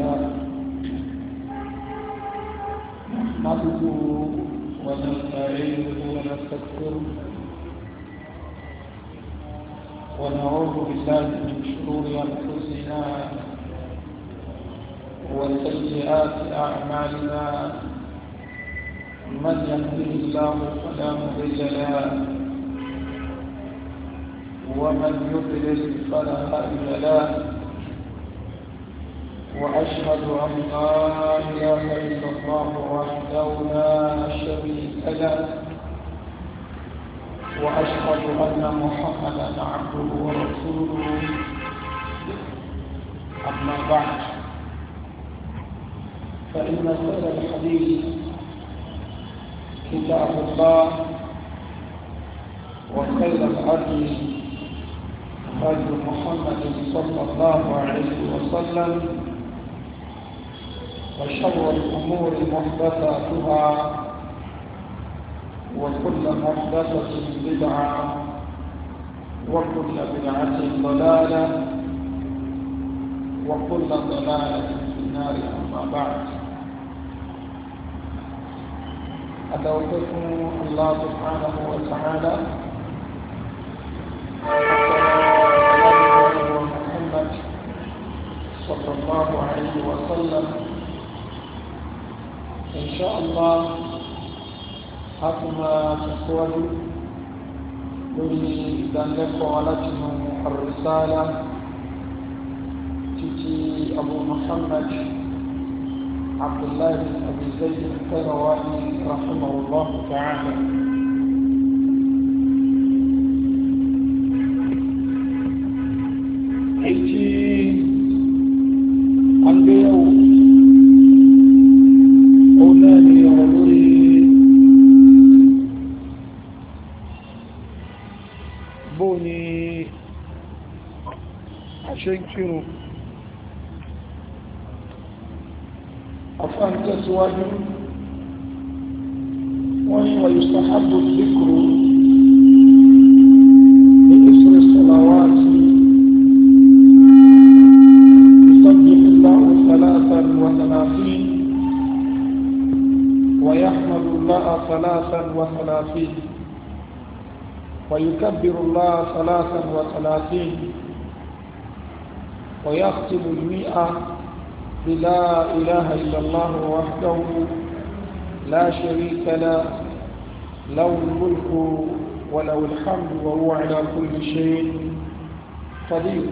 نحمده ونستعينه ونستغفره ونعوذ بالله من شرور انفسنا وسيئات اعمالنا من يهده الله فلا مضل له ومن يضلل فلا هادي له وأشهد أن لا إله إلا الله وحده لا شريك له وأشهد أن محمدا عبده ورسوله أما بعد فإن هذا الحديث كتاب الله وخير الهدي هدي محمد صلى الله عليه وسلم وشر الأمور محدثاتها وكل محدثة بدعة وكل بدعة ضلالة وكل ضلالة في النار أما بعد أدعوكم الله سبحانه وتعالى صلى الله عليه وسلم إن شاء الله حكم تسود لولي دانلك ولكن الرسالة تتي أبو محمد عبد الله بن أبي زيد القيرواني رحمه الله تعالى الله ثلاثا وثلاثين ويكبر الله ثلاثا وثلاثين ويختم المئة بلا إله إلا الله وحده لا شريك له له الملك وله الحمد وهو على كل شيء قدير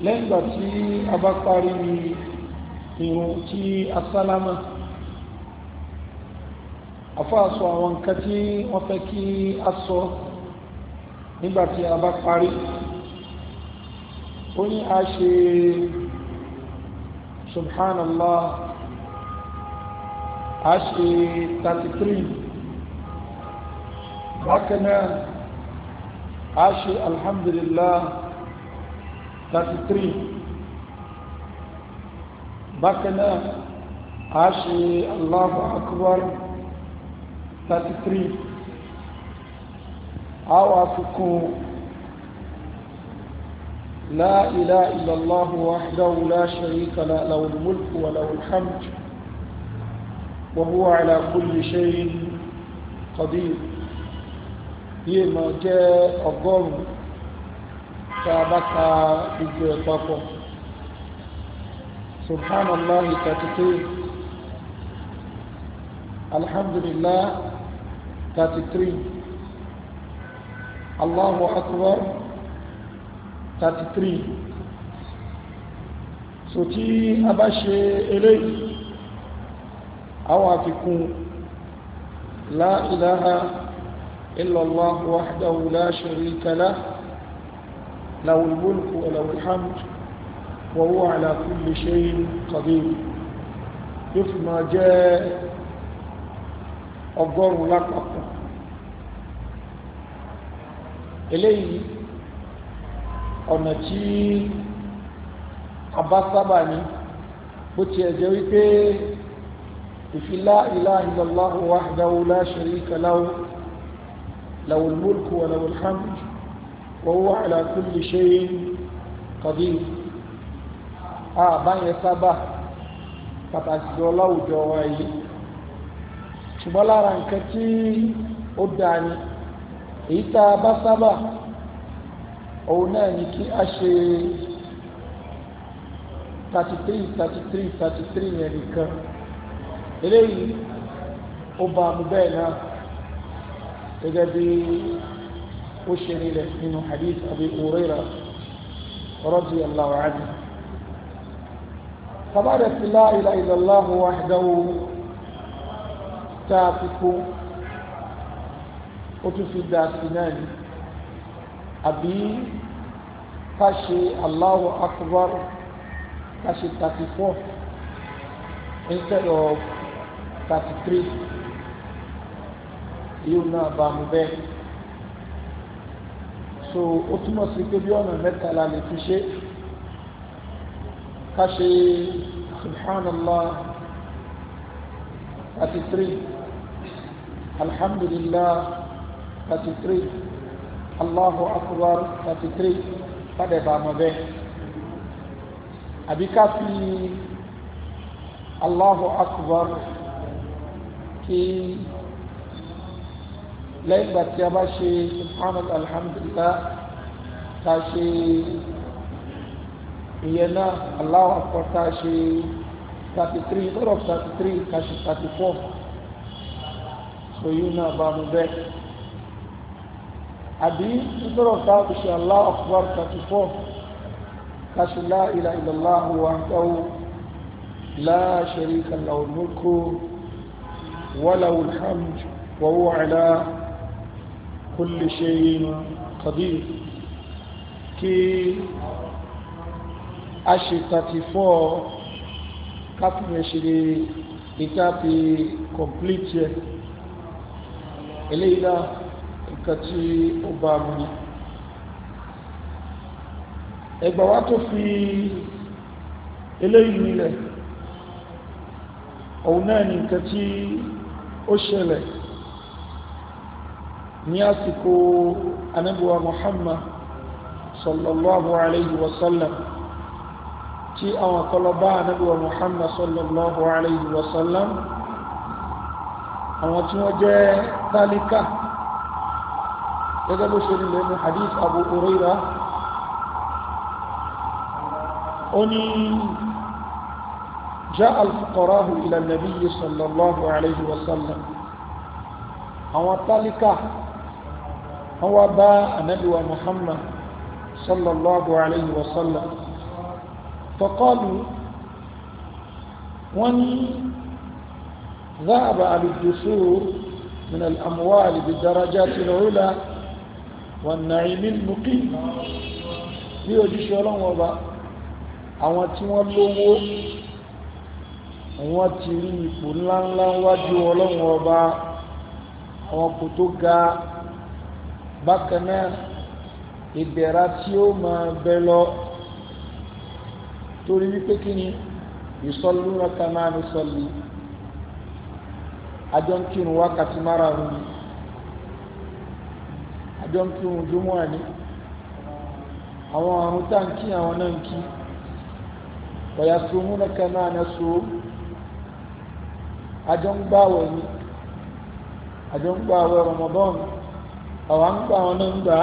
لين باتي أبقى irun tí asálámà afáàsọ àwọn nǹkan tí wọ́n fẹ́ kí a sọ nígbàtí a bá parí ó ní a ṣe subhanallah a ṣe 33 bákanáà a ṣe alhamdulillah 33 bákanáà a ṣe allahu akbar thirty three àwọn àfikún la ilaha illallah wahdahu la sharika la lahul mulku wa lahul hamd wa huwa ala kulli shay'in qadir yìí máa jẹ́ ọgọ́rùn-ún tá a bá ka gbogbo ẹ̀ papọ̀ subhanallah alhamdulillah. 33 Allahu akbar 33 so tí a bá ṣe eléyìí àwọn àfikún la ilaha illallah wahdahu la sharika lah له الملك وله الحمد وهو على كل شيء قدير يفما جاء ọgọ́rùn-ún lápapọ̀ eléyìí ọ̀nà tí abásábà ní bó tiẹ̀ jẹ́ wípé ìfi la ilaha illallahu wahdahu la sharika lahu lahul mulku wa lahul hamd wa huwa ala kulli shay'in qadir àbáyẹ sábà pàtàkì jọ láwùjọ ṣùgbọ́n lára nǹkan tí ó dáa ni èyí tá a bá sábà òun náà ni kí a ṣe thirty three thirty three thirty three yẹn nìkan eléyìí ó bá mu bẹ́ẹ̀ náà gẹ́gẹ́ bí ó ṣe nílẹ̀ nínú hadith Abi Hurairah radiyallahu anhu. tabaarakillah ilaha illallah wahdahu tá a fi tún fi da sí náà ni àbí ká ṣe Allahu akbar ká ṣe thirty four instead of thirty three yóò náà bá mu bẹ́ẹ̀ so ó túmọ̀ sí pé bí ọ̀nà mẹ́ta la lè fi ṣe ká ṣe subhanallah thirty three. الحمد لله 33 Allahu Akbar 33 kádẹ̀bà mọ̀ bẹ́ẹ̀ àbí ká fi Allahu Akbar kí lẹ́yìn ìgbà tí a bá ṣe subhanallah alhamdulillah ta ṣe ìyẹn náà Allahu Akbar ta ṣe 33 lọ́rọ̀ 33 ta ṣe 34 sòyún náà bá mu bẹ́ẹ̀ àbí nítorọ̀ ká o ṣe Allahu akbar thirty four kaṣu la ilaha illallah wahdahu la sharika lahu mulku wa lahul hamdu wa huwa ala kulli shay'in kí a ṣe thirty four kápẹ́rẹ́ ṣe lè ìta eléyìí náà nǹkan tí ó bá mu ni ẹgbà wa tó fi eléyìí nílẹ̀ òun náà ni nǹkan tí ó ṣẹlẹ̀ ní àsìkò anábíwá Muhammad sallallahu alayhi wa sallam tí àwọn kọlọba anábíwá Muhammad sallallahu alayhi wa sallam àwọn tí wọ́n jẹ́ tálíkà gẹ́gẹ́ bó ṣe nílẹ̀ ní hadith abu huraira ó ní جاء الفقراء إلى النبي صلى الله عليه وسلم أو طالكا هو با نبي محمد صلى الله عليه وسلم فقالوا وني ذهب أهل الدثور من الأموال بالدرجات العلى والنعيم المقيم bí ojúṣe ọlọ́run ọba àwọn tí wọ́n lówó wọ́n ti rí ipò ńláńlá wájú ọlọ́run ọba àwọn kò tó ga bákan náà ìbẹ̀rà tí ó máa bẹ lọ torí wípé kí ni ìsọlúra kan náà ní sọlí àjọ ń kírun wákàtí márààrún ni àjọ ń kírun júmọ́ àní àwọn àrùn tá à ń kí àwọn náà ni àjọ Ramadan àwọn ń gbà àwọn náà ń gbà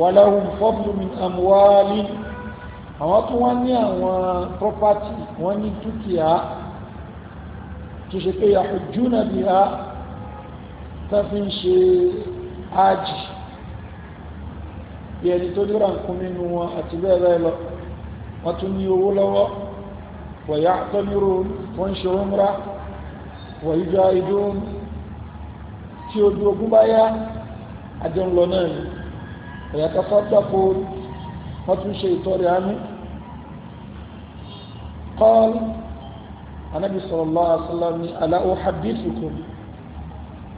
wàláhùn fọ́ọ̀mù mi àmúwálí àwọn tó wá ní àwọn property wọ́n tó ṣe pé yahujjuna biha tá fi ń ṣe ájì bí ẹni tó ní rànkún nínú wọn àti bẹ́ẹ̀ bẹ́ẹ̀ lọ wọ́n tún ní owó lọ́wọ́ wa ya'tamirun wọ́n ń ṣe umra wa yujahidun tí ojú ogun bá yá àjọ ńlọ náà ni wa yatasaddaqun wọ́n tún ṣe ìtọ́rẹ̀ àánú qala anabi sallallahu alaihi wasallam ni ala uhaddithukum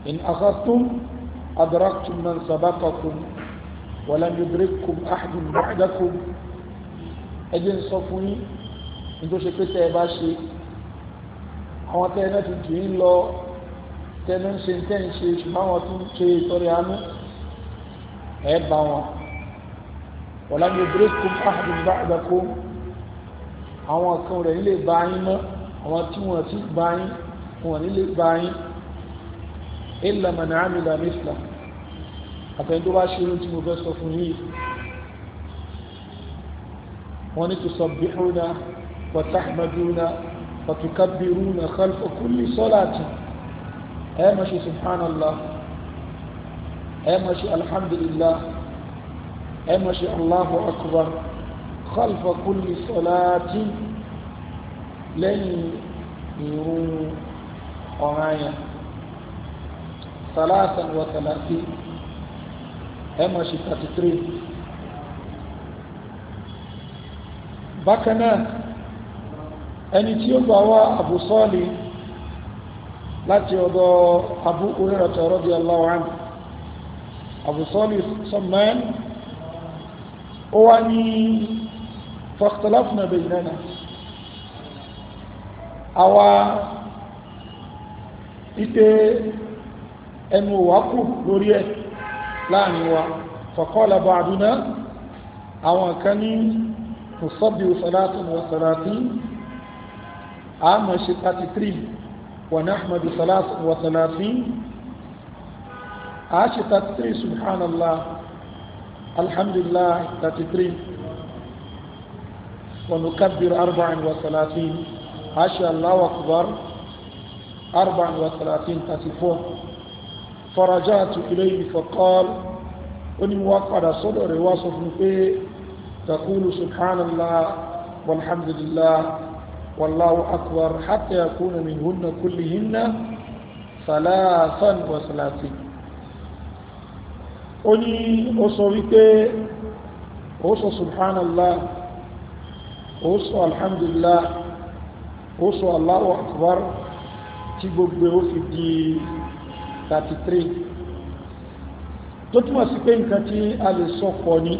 in akhadhtum adraktum man sabaqakum wa lam yudrikkum ahadun ba'dakum ẹjẹ́ ń sọ fún yín ní tó ṣe pé tẹ́ ẹ bá ṣe àwọn tẹ́ ẹ náà ti jù yín lọ tẹ́ ẹ ń ṣe tẹ́ ń ṣe ṣùgbọ́n àwọn tó ń ṣe ìtọ́rẹ àánú ẹ bá wọn wa lam yudrikkum ahadun ba'dakum àwọn kan rẹ̀ nílé bá yín mọ́ àwọn tí wọ́n ti bá yín wọ́n nílé bá yín illa man amila mithla àtẹ̀yìn tó bá ṣe irun tí mo fẹ́ sọ fún yìí wọ́n ní tusabbihuna wa tahmaduna wa tukabbiruna khalfa kulli salati ẹ máa ṣe subhanallah ẹ máa ṣe alhamdulillah ẹ máa ṣe allahu akbar khalfa kulli salati lẹ́yìn ìrun ọ̀ranyàn salasan wa salasi ẹ máa ṣe thirty three bákan náà ẹni tí ó gbà wá Abu Salih láti ọ̀dọ̀ Abu Hurairah radiyallahu anhu Abu Salih Samman ó wá ní fakhtalafna baynana àwa ipe ẹnu wa kù lórí ẹ̀ láàrin wa faqala ba'duna àwọn kan ní nusabbi salatun wa salatin àmọ́ ṣe 33 wa nahmadu salatun wa salatin a ṣe 33 subhanallah alhamdulillah 33 wa nukabbiru arba'in wa حاشا الله أكبر أربع وثلاثين تسفوه فرجعت إليه فقال أني موقع صدر واصف فيه تقول سبحان الله والحمد لله والله أكبر حتى يكون منهن كلهن ثلاثا وثلاثين أني أصويك أصو سبحان الله أصو الحمد لله ó sọ Allahu Akbar tí gbogbo ó fi di 33 tó túnmọ̀ sí pé nǹkan tí a lè sọ pọ̀ ní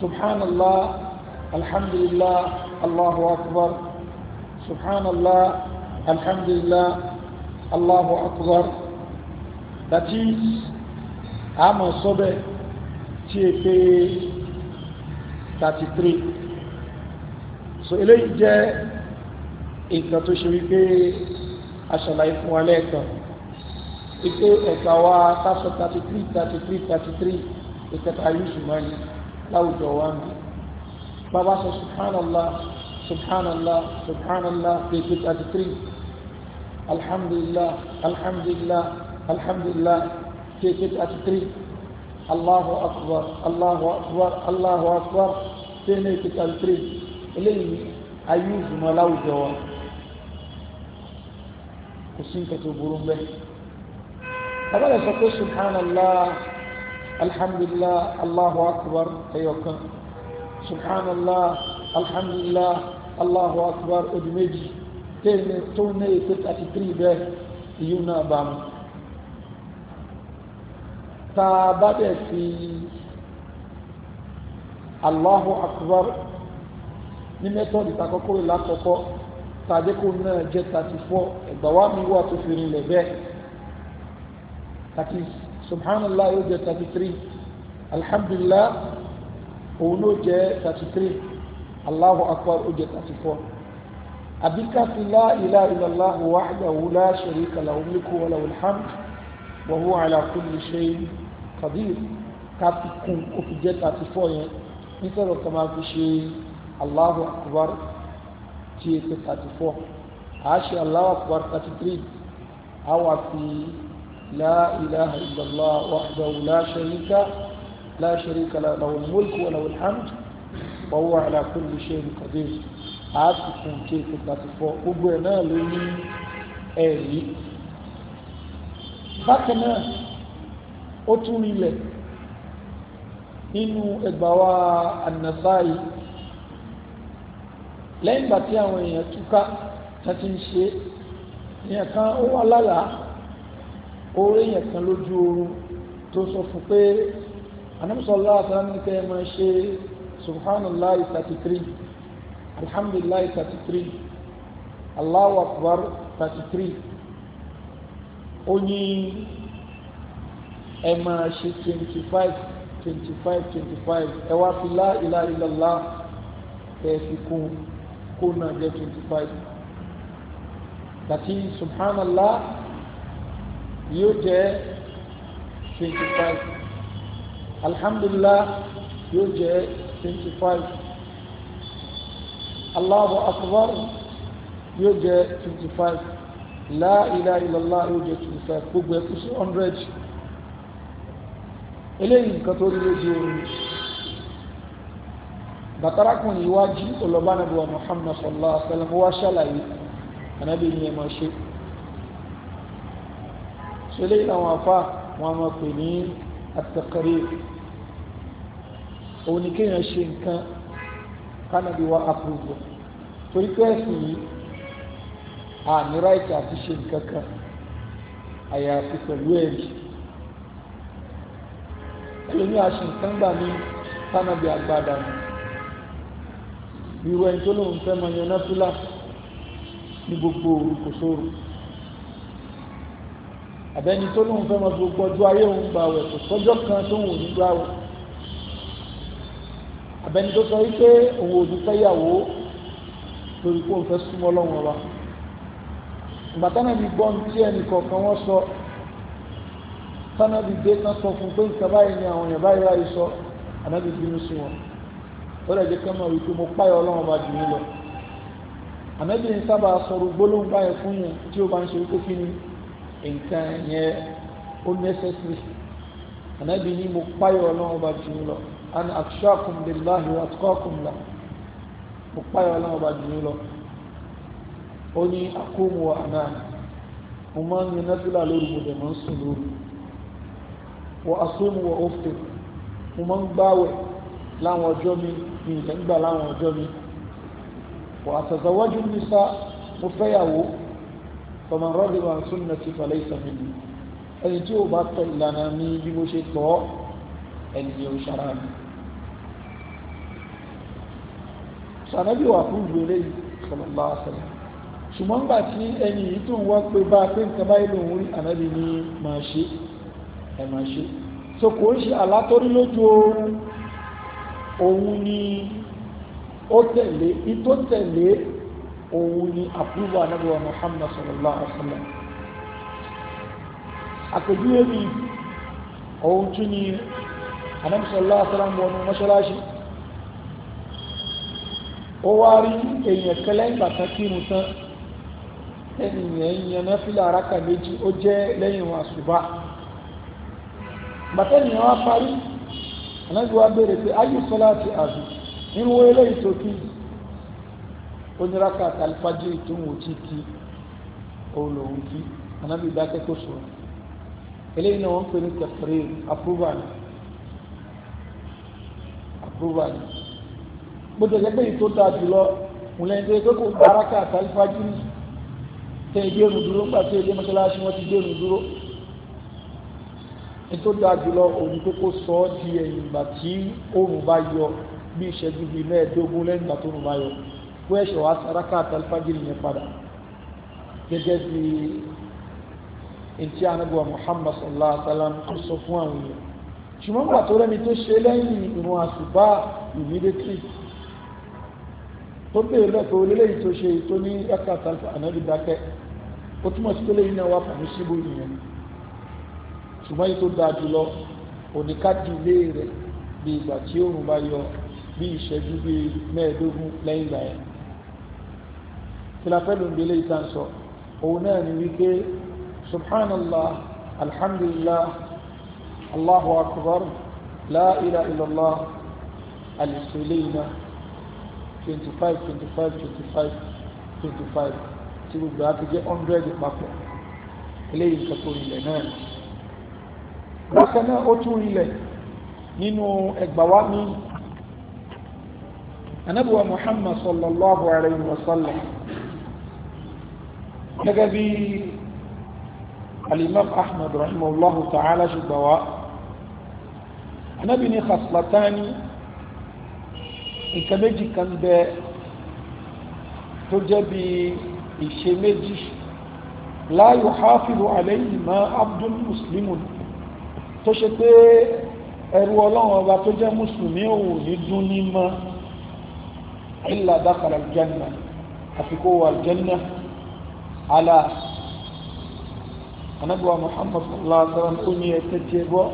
subhanallah alhamdulillah Allahu Akbar subhanallah alhamdulillah Allahu Akbar that a mọ̀ sọ́bẹ̀ tí è pé 33 so eléyìí jẹ́ nǹkan tó ṣe wípé aṣàlàyé fún wa lẹ́ẹ̀kan wípé ẹ̀ka wa tásọ thirty three thirty three thirty three ìkẹta yusuf máa ní láwùjọ wa mi bàbá sọ subhanallah subhanallah subhanallah pèpè thirty three alhamdulillah alhamdulillah alhamdulillah pèpè thirty three allahu akbar allahu akbar allahu akbar pèpè thirty three eléyìí ayé ìjùmọ̀ láwùjọ wa kò sí nǹkan tó burú bẹ́ẹ̀. abẹ́rẹ́ sọ pé subhanallah alhamdulillah allahu akbar ẹ̀yọ̀kan subhanallah alhamdulillah allahu akbar odi méjì tẹ́lẹ̀ tó ní ètò àti tírí bẹ́ẹ̀ ìyún náà bá mu. tá bá bẹ̀ fi allahu akbar ní mẹ́tọ́ọ̀dì tá a kọ́kọ́ tàdékù náà jẹ́ thirty four ẹ̀gbà wa mi wà tó fi rinlẹ̀ bẹ́ẹ̀ àti subhanallah yóò jẹ́ thirty three alhamdulillah òun ló jẹ́ thirty three allahu akbar ó jẹ́ thirty four àbíká fi la ilaha illallah wahdahu la sharika lahu mulku wa lahul hamd wa huwa ala kulli shay'in qadir káfíkún ó fi jẹ́ thirty four yẹn nítorí ọ̀kan fi ṣe allahu akbar tí èpè thirty four àṣẹ Allahu Akbar thirty three àwa fi la ilaha illallah wahdahu la sharika la sharika lahul mulku wa lahul hamd wa huwa ala kulli shay'in qadir àti fún tí èpè thirty four gbogbo ẹ̀ náà ló ní ẹ̀rí bákan náà ó tún rinlẹ̀ nínú ẹgbàá wa an lẹ́yìn ìgbà tí àwọn èèyàn túká tán ti ń ṣe èèyàn kan ó wà lálàá orí èèyàn kan lójú oorun tó sọ fún pé anamsọlá àtàlánìkẹ́ ẹ̀ máa ṣe subhanallah thirty three alhamdulillah thirty three allahu akbar thirty three ó ní ẹ máa ṣe twenty five twenty five twenty five ẹ wá fi la ilaha illallah fi kún un kó náà jẹ́ twenty five tàbí subhanallah yóò jẹ́ 25. alhamdulillah yóò jẹ́ 25. five allahu akbar yóò jẹ́ 25. la ilaha illallah yóò jẹ́ 25. five gbogbo ẹ̀kú sí hundred eléyìí nǹkan tó rí lójú oorun bàtàràkùnrin iwájú olọba anabi wa muhammad sallallahu alaihi wa sallam wa ṣàlàyé anabi ni ẹ máa ṣe ṣẹlẹ ìlànà afa wọn máa pè ní àtẹkẹrẹ òun ni kéèyàn ṣe nǹkan kánàbí wa àpòjọ torí pé ẹsìn yìí àmì ráìtì àti ṣe nǹkan kan àyàfi pẹ̀lú ẹ̀rí ẹlòmíà ṣe nǹkan gbà ní kánàbí agbádá irú ẹni tó lóun fẹ́ máa yan náfìlà ní gbogbo òru kò sóru àbẹ́ni tó lóun fẹ́ máa gbogbo ọjọ́ ayé òun gbà wẹ̀ kò sọ́jọ́ kan tó ń wò ní gbà wẹ̀ àbẹ́ni tó sọ wípé òun ò ní fẹ́ yàwó lórí kó n fẹ́ súnmọ́ lọ́wọ́n wa ìgbà tánà bí gbọ́n tí ẹnì kọ̀ọ̀kan wọ́n sọ tánà bí gbé tán sọ fún pé nǹkan báyìí ni àwọn èèyàn báyìí ráyè sọ ànábì bínú sí wọn ó lè jẹ́ kí wọ́n rí i pé mo páyọ̀ ọlọ́run bá jù mí lọ àmẹ́bí ń sábà sọ̀rọ̀ gbólóhùn báyẹn fún yẹn tí ó bá ń ṣe wípé kí ni nǹkan yẹn ó necessary àmẹ́bí ni mo páyọ̀ ọlọ́run bá jù mí lọ and akshakum billahi wa atqakum la mo páyọ̀ ọlọ́run bá jù mí lọ ó ní akóhùn wa àná mo máa ń yan nẹ́fìlà lóru mo dẹ̀ máa ń sùn lóru wa asóhùn wa òfin láwọn ọjọ́ mi ní ilẹ̀ ń gbà láwọn ọjọ́ mi wà á tẹ̀sẹ̀ wájú ní sá mo fẹ́yàwó tọmọ rọ́ọ̀dì wa tún nà ti falẹ̀ ìsàmì mi ẹni tí ó bá tọ ìlànà mi bí mo ṣe tọ́ ẹni yẹn ò ṣara mi. sànàbí wà fún ìlú eléyìí sọlọ́lá àṣẹlẹ̀ ṣùgbọ́n gbà tí ẹni yìí tó ń wá pé bá a pé nǹkan báyìí lòun rí ànábì ní máa ṣe ẹ̀ máa ṣe so kò ń ṣe àlá lójú oorun òun ni ó tẹ̀lé ìtó tẹ̀lé òun ni àpúrúwà anábíwá Muhammad sallallahu alaihi wa sallam àpèjúwe mi òun tún ni anábí sallallahu alaihi wa sallam wọnú mọ́ṣáláṣí ó wá rí èèyàn kẹlẹ́ ìgbà kan kírun tán ènìyàn èèyàn náà fi lára méjì ó jẹ́ lẹ́yìn wọn àṣùbà bàtẹ́nìyàn wá parí anájú wa béèrè pé ayé sọlá ti àbí nínú eléyìí tó kí oníraka àtàlífàjì tó ń wò tí kí òun lòun kí anábì dákẹ́ kó sọ̀rọ̀ eléyìí náà wọ́n pè ní tẹ̀fẹ̀rẹ̀ àpúrúbàlì àpúrúbàlì gbọ́dọ̀ jẹ́ pé èyí tó jùlọ múlẹ̀ ń tẹ́ kó baraka àtàlífàjì tẹ̀ ìdí èrò dúró nígbà tí èdè wọn ti dé èrò dúró nítorí dáa jùlọ òun tó kó sọ ọ́ di ẹ̀yìn ìgbà tí oòrùn bá yọ bí ìṣẹ́jú bíi mẹ́ẹ̀ẹ́dógún lẹ́yìn ìgbà tó oòrùn bá yọ kó ẹ̀ṣọ́ wa saraka àtàlfàjìrì yẹn padà gẹ́gẹ́ bí etí anabiwa Muhammad sallallahu alaihi wa sallam tó sọ fún àwọn èèyàn ṣùgbọ́n gbà tó rẹ́ni tó ṣe lẹ́yìn ìrun àṣùbà immediately tó bèèrè lẹ́kọ̀ọ́ olélẹ́yìí tó ṣe tó ní ẹ̀ka àtàlfà ànábìdákẹ́ ó túmọ̀ sí pé lẹ́yìn náà wà pàmí síbò ìyẹn ṣùgbọ́n yìí tó dáa jùlọ oníkádì ilé rẹ̀ bí ìgbà tí oòrùn bá yọ bí ìṣẹ́jú bí mẹ́ẹ̀ẹ́dógún lẹ́yìn ìgbà yẹn filafẹ́lú ń gbélé ìta ń sọ òun náà ni wípé subhanallah alhamdulillah allahu akbar la ilaha illallah alisulina twenty five twenty five twenty five twenty five tí gbogbo àti jẹ́ hundred papọ̀ eléyìí nǹkan tó rinlẹ̀ náà bákan náà ó tún rinlẹ̀ nínú ẹgbàwá mi anábùwà muhammad sallallahu alayhi wa sallam gẹ́gẹ́ bí alimam ahmad rahimahullahu ta'ala ṣùgbàwá anábì ní khaslatani nǹkan méjì kan bẹ tó jẹ́ bí ìṣe méjì la yuhafidu alayhi ma abdul muslimun tó ṣe pé ẹrú ọlọ́run ọba tó jẹ́ mùsùlùmí ò ní dún ní mọ́ ilà dákàrà jẹ́nà àfikún wà jẹ́nà alá anábíwá muhammad sallallahu alaihi wa sallam ó ní ẹsẹ̀ tiẹ̀ gbọ́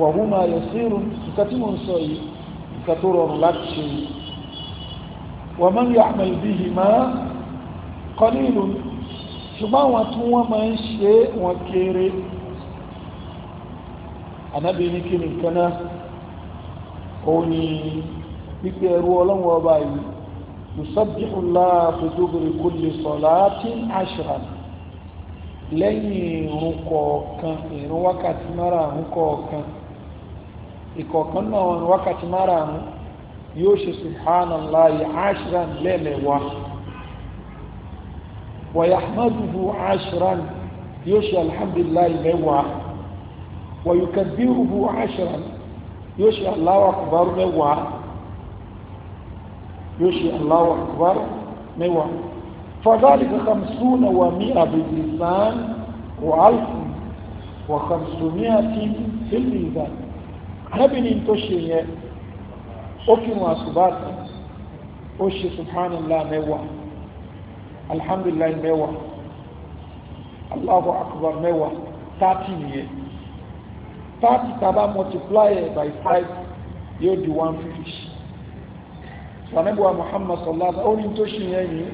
wàhùn máa yẹ sírù nǹkan tí mò ń sọ yìí nǹkan tó rọrùn láti ṣe yìí wọ́n máa ń yọ àmàlì bí máa kọ́ ní ìlú ṣùgbọ́n àwọn tí wọ́n máa ń ṣe wọn kéré ànábì ní kí ni nǹkan náà òun ni pípé ẹrú ọlọ́run ọba yìí yusabbihu Allah fi duburi kulli salatin ashran lẹ́yìn ìrun kọ̀ọ̀kan ìrun wákàtí márààrún kọ̀ọ̀kan ìkọ̀ọ̀kan náà wọn wákàtí márààrún yóò ṣe subhanallahi ashran lẹ́ẹ̀mẹ́wàá wa yahmaduhu ashran yóò ṣe alhamdulillahi mẹ́wàá wọ̀yùkẹ́bíhù àṣírà yóò ṣe Allahu Akbar mẹ́wàá yóò ṣe Allahu Akbar mẹ́wàá fadhalika khamsuna wa mi'a bil-lisan wa alfun wa khamsumi'atin fil-mizan arábìnrin tó ṣe yẹn ó fi wọn àṣùbáàtì ó ṣe subhanallah mẹ́wàá alhamdulillah mẹ́wàá Allahu Akbar mẹ́wàá 30 nìyẹn thirty taba multiply by five yóò di one fifty sanabuwa muhammad sallallahu alaihi wa sallam ó ní tó ṣe yẹn yìí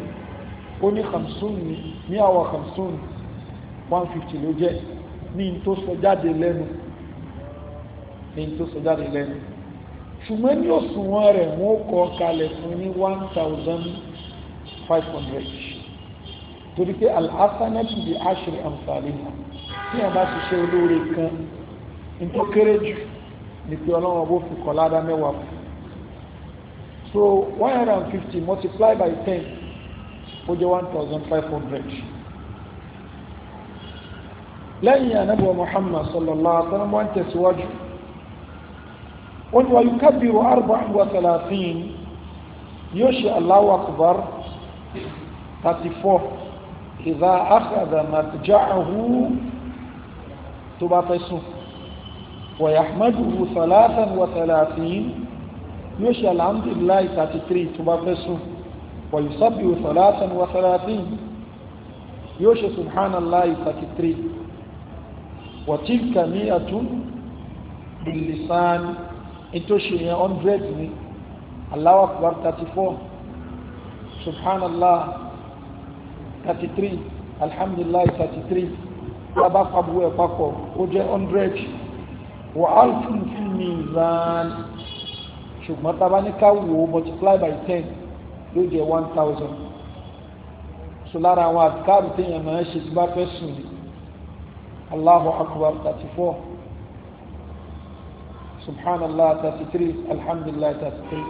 ó ní hamsun ní ní àwọn hamsun one fifty ló jẹ́ ní tó sọ jáde lẹ́nu ní tó sọ jáde lẹ́nu ṣùgbọ́n ní òṣùwọ̀n rẹ̀ wọ́n kọ kalẹ̀ fún ní one thousand five hundred torí pé al-hasanatu bi ashri amsalina tí a bá ṣiṣẹ́ olóore kan nítorí kéré jù ní pé ọlọ́run bó fi kọ́ ládá mẹ́wàá fún so one hundred and fifty multiply by ten ó jẹ́ one thousand five hundred lẹ́yìn anábọ̀ muhammad sallallahu alaihi wa sallam wọ́n tẹ̀síwájú wọ́n ni wàyí kábírù arba'in wa salatin yóò ṣe Allahu akbar thirty four ìdá akhadha matja'ahu tó bá fẹ́ sùn wọ̀yàmẹ́dùrú sọ̀láṣàn wọ̀tẹ̀láṣìn yóò ṣe alhamdulilayi thirty three tó bá fẹ́ sùn wọ̀yùsọ́bìrú sọ̀láṣàn wọ̀tẹ̀láṣìn yóò ṣe subhanallah thirty three wọ̀tíkà ní àtún bìlìsàn ìtòṣe yẹn hundred ní Allahu akbar papọ̀ ó jẹ́ hundred wà á fún fún mi zan ṣùgbọ́n tá a bá ká wò multiply by ten ló jẹ́ one thousand so lára àwọn àtikáàrù téèyàn máa ń ṣe tí bá fẹ́ sùn ní Allahu akbar thirty four subhanallah thirty three alhamdulillah thirty three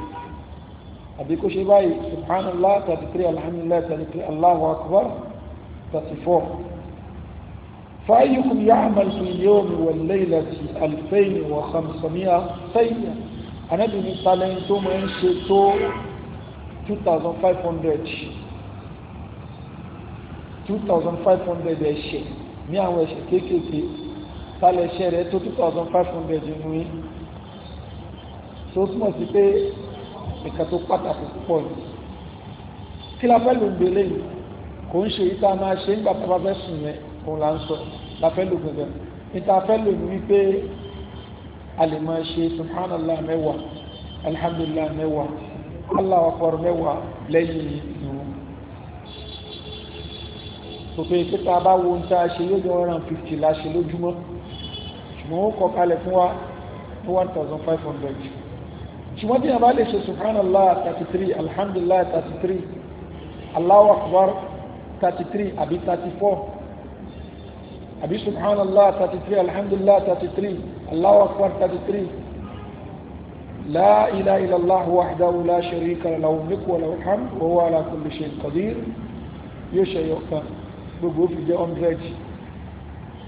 àbí kó ṣe báyìí subhanallah thirty three alhamdulillah thirty three Allahu akbar thirty four. فأيكم يعمل في اليوم والليلة ألفين وخمسمائة سيئة أنا بمثالين ثم أنشئتو 2500 2500 ẹ̀ṣẹ̀ ní àwọn ẹ̀ṣẹ̀ kéékèèké tálẹ̀ ẹ̀ṣẹ̀ rẹ̀ tó 2500 nínú yìí tó túmọ̀ sí pé ìkà tó pàtàkì púpọ̀ ni kí la fẹ́ lò ń gbélé yìí kò ń ṣe ìta máa ṣe ń gbà tá a bá fẹ́ sùn yẹn òun là ń sọ láfẹ́ lò gbẹ̀gbẹ̀ níta fẹ́ lò ní wípé a lè máa ṣe subhanallah mẹ́wàá alhamdulillah mẹ́wàá allah akbar mẹ́wàá lẹ́yìn ìrun tòtò ìpínta bá wo ń tá a ṣe yóò one hundred and fifty la ṣe lójúmọ́ ṣùgbọ́n ó kọ kalẹ̀ fún wa ní one thousand five hundred ṣùgbọ́n tí a bá lè ṣe subhanallah thirty three alhamdulillah thirty three allahu akbar thirty three àbí thirty four àbí subhanallah thirty three alhamdulillah thirty three allahu akbar thirty three la ilaha illallah wahdahu la sharika lahu mulku wa lahu hamd wa huwa ala kulli shay'in qadir yóò ṣe yọkan gbogbo fi jẹ hundred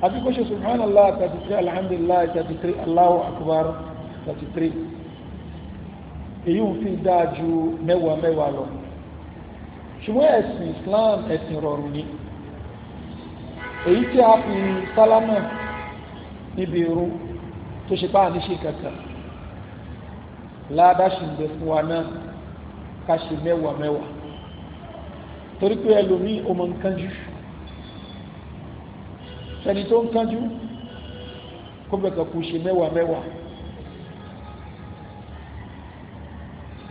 àbí kó ṣe subhanallah thirty three alhamdulillah thirty three allahu akbar thirty three èyí ń fi dáa ju mẹ́wàá mẹ́wàá lọ ṣùgbọ́n ẹ̀sìn islam ẹ̀sìn rọrùn ni èyí tí a fi sálámà níbi irú tó ṣe bá àníṣe kankan ládàṣì ń bẹ fún wa náà ká ṣe mẹ́wàá mẹ́wàá torí pé ẹlòmíì ó mọ ń kánjú tó ń kánjú kó bẹ̀kẹ̀ kú ṣe mẹ́wàá mẹ́wàá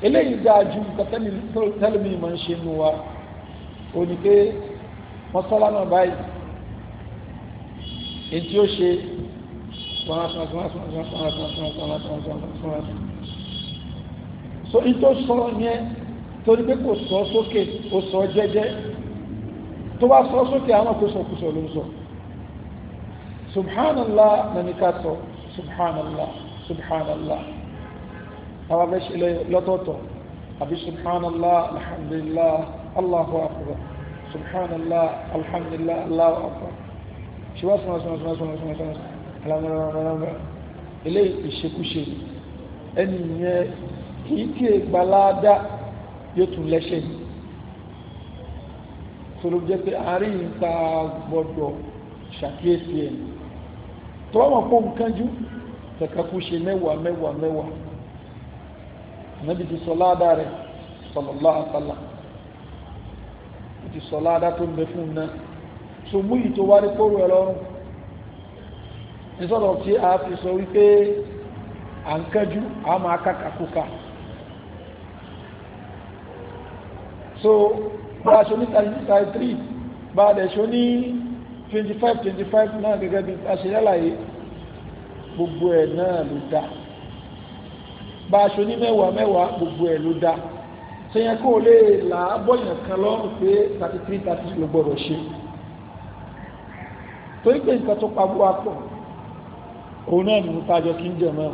eléyìí dáa ju nǹkan máa ń ṣe nu wa òní pé wọ́n sálámà báyìí ètí ó ṣe so ìtò sọ yẹn torí pé kò sọ sókè ó sọ jẹ́jẹ́ tó bá sọ sókè àwọn kò sọ kùsọ ló ń sọ subhanallah nanika sọ subhanallah subhanallah àwọn abẹ́ ṣẹlẹ̀ lọ́tọ̀ọ̀tọ̀ àbí subhanallah alhamdulillah allahu akbar subhanallah alhamdulillah allahu akbar ṣe wá súnmọ́ súnmọ́ súnmọ́ súnmọ́ súnmọ́ súnmọ́ alámọ́lámọ́lámọ́ ilé ìṣekúṣe ẹni yẹn kìí kí ìgbàláàdá yóò tún lẹ́ṣẹ̀ ni sọlọ́ jẹ́ pé àárín ìta gbọ́dọ̀ ṣàkíyèsí ẹ̀ tọ́wọ́n kó nǹkan jú kẹkàkúṣe mẹ́wàá mẹ́wàá mẹ́wàá níbi so mú ìtò wá ní kóró ẹ lọ́rùn nísọ̀rọ̀ tí a fi sọ wípé à ń kẹ́jú a máa kákàkùkà so bá a ṣe ní thirty three bá a dẹ̀ ṣe ní twenty five twenty five náà gẹ́gẹ́ bí a ṣe yálàyé gbogbo ẹ̀ náà ló dá bá a ṣe ní mẹ́wàá mẹ́wàá gbogbo ẹ̀ ló dá sẹ́yìn kó o lè là á bọ̀yàn kan lọ́rùn pé thirty three thirty ló gbọ́dọ̀ ṣe torí pé nǹkan tó pabú wa pọ̀ òun náà ni mo tajọ kí n jẹ mọ́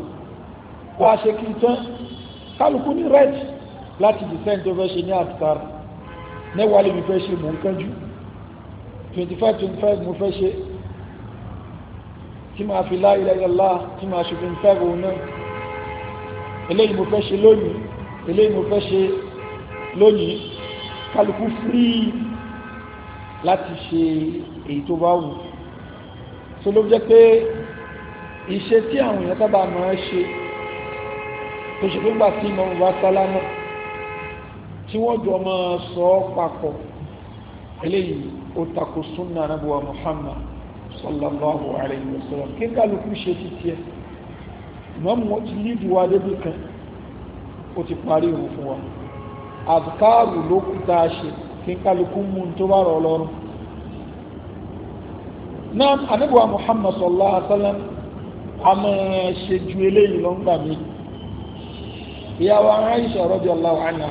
wá ṣe kí n tán kálukú ní rẹ́ẹ̀tì láti dìsẹ́ǹ tó fẹ́ ṣe ní àtàr mẹ́wàá lèmi fẹ́ ṣe mò ń kánjú twenty five twenty five mo fẹ́ ṣe tí máa fi la ilaha illallah tí máa ṣe twenty òun náà eléyìí mo fẹ́ ṣe lónìí eléyìí mo fẹ́ ṣe lónìí kálukú fírí láti ṣe èyí tó bá wù so ló jẹ́ pé ìṣe tí àwọn èèyàn sábà máa ń ṣe tó ṣe fún gbà tí ìmọ̀ bá sálámà tí wọ́n jọ máa sọ ọ́ papọ̀ eléyìí ó takò súnà anábùwà Muhammad sallallahu alayhi wa sallam kí kálukú ṣe ti tiẹ̀ ìmọ̀mù wọn ti lídìí wa débi kan ó ti parí òun fún wa àbùkárù ló kú tá a ṣe kí kálukú mú un tó bá rọ̀ lọ́rùn náà anábíwá muhammad sallallahu alaihi wa sallam a máa ṣe ju eléyìí lọ ń gbà mí ìyàwó aráyíṣà radiyallahu anha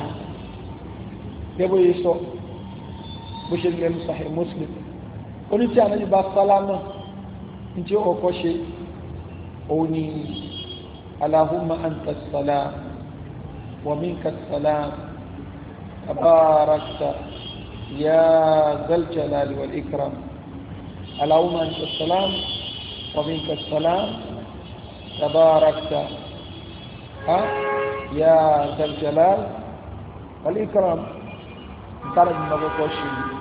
gẹ́gbẹ́ yìí sọ bó ṣe lẹ́nu sahih muslim oníṣẹ́ anájú bá sálámà ní tí ó kọ́kọ́ ṣe òun ni anta salam wa minka salam tabarakta ya zal wal ikram اللهم أنت السلام ومنك السلام تباركت ها يا ذا الجلال والإكرام nǹkan ní ọkọ̀ ṣe yìí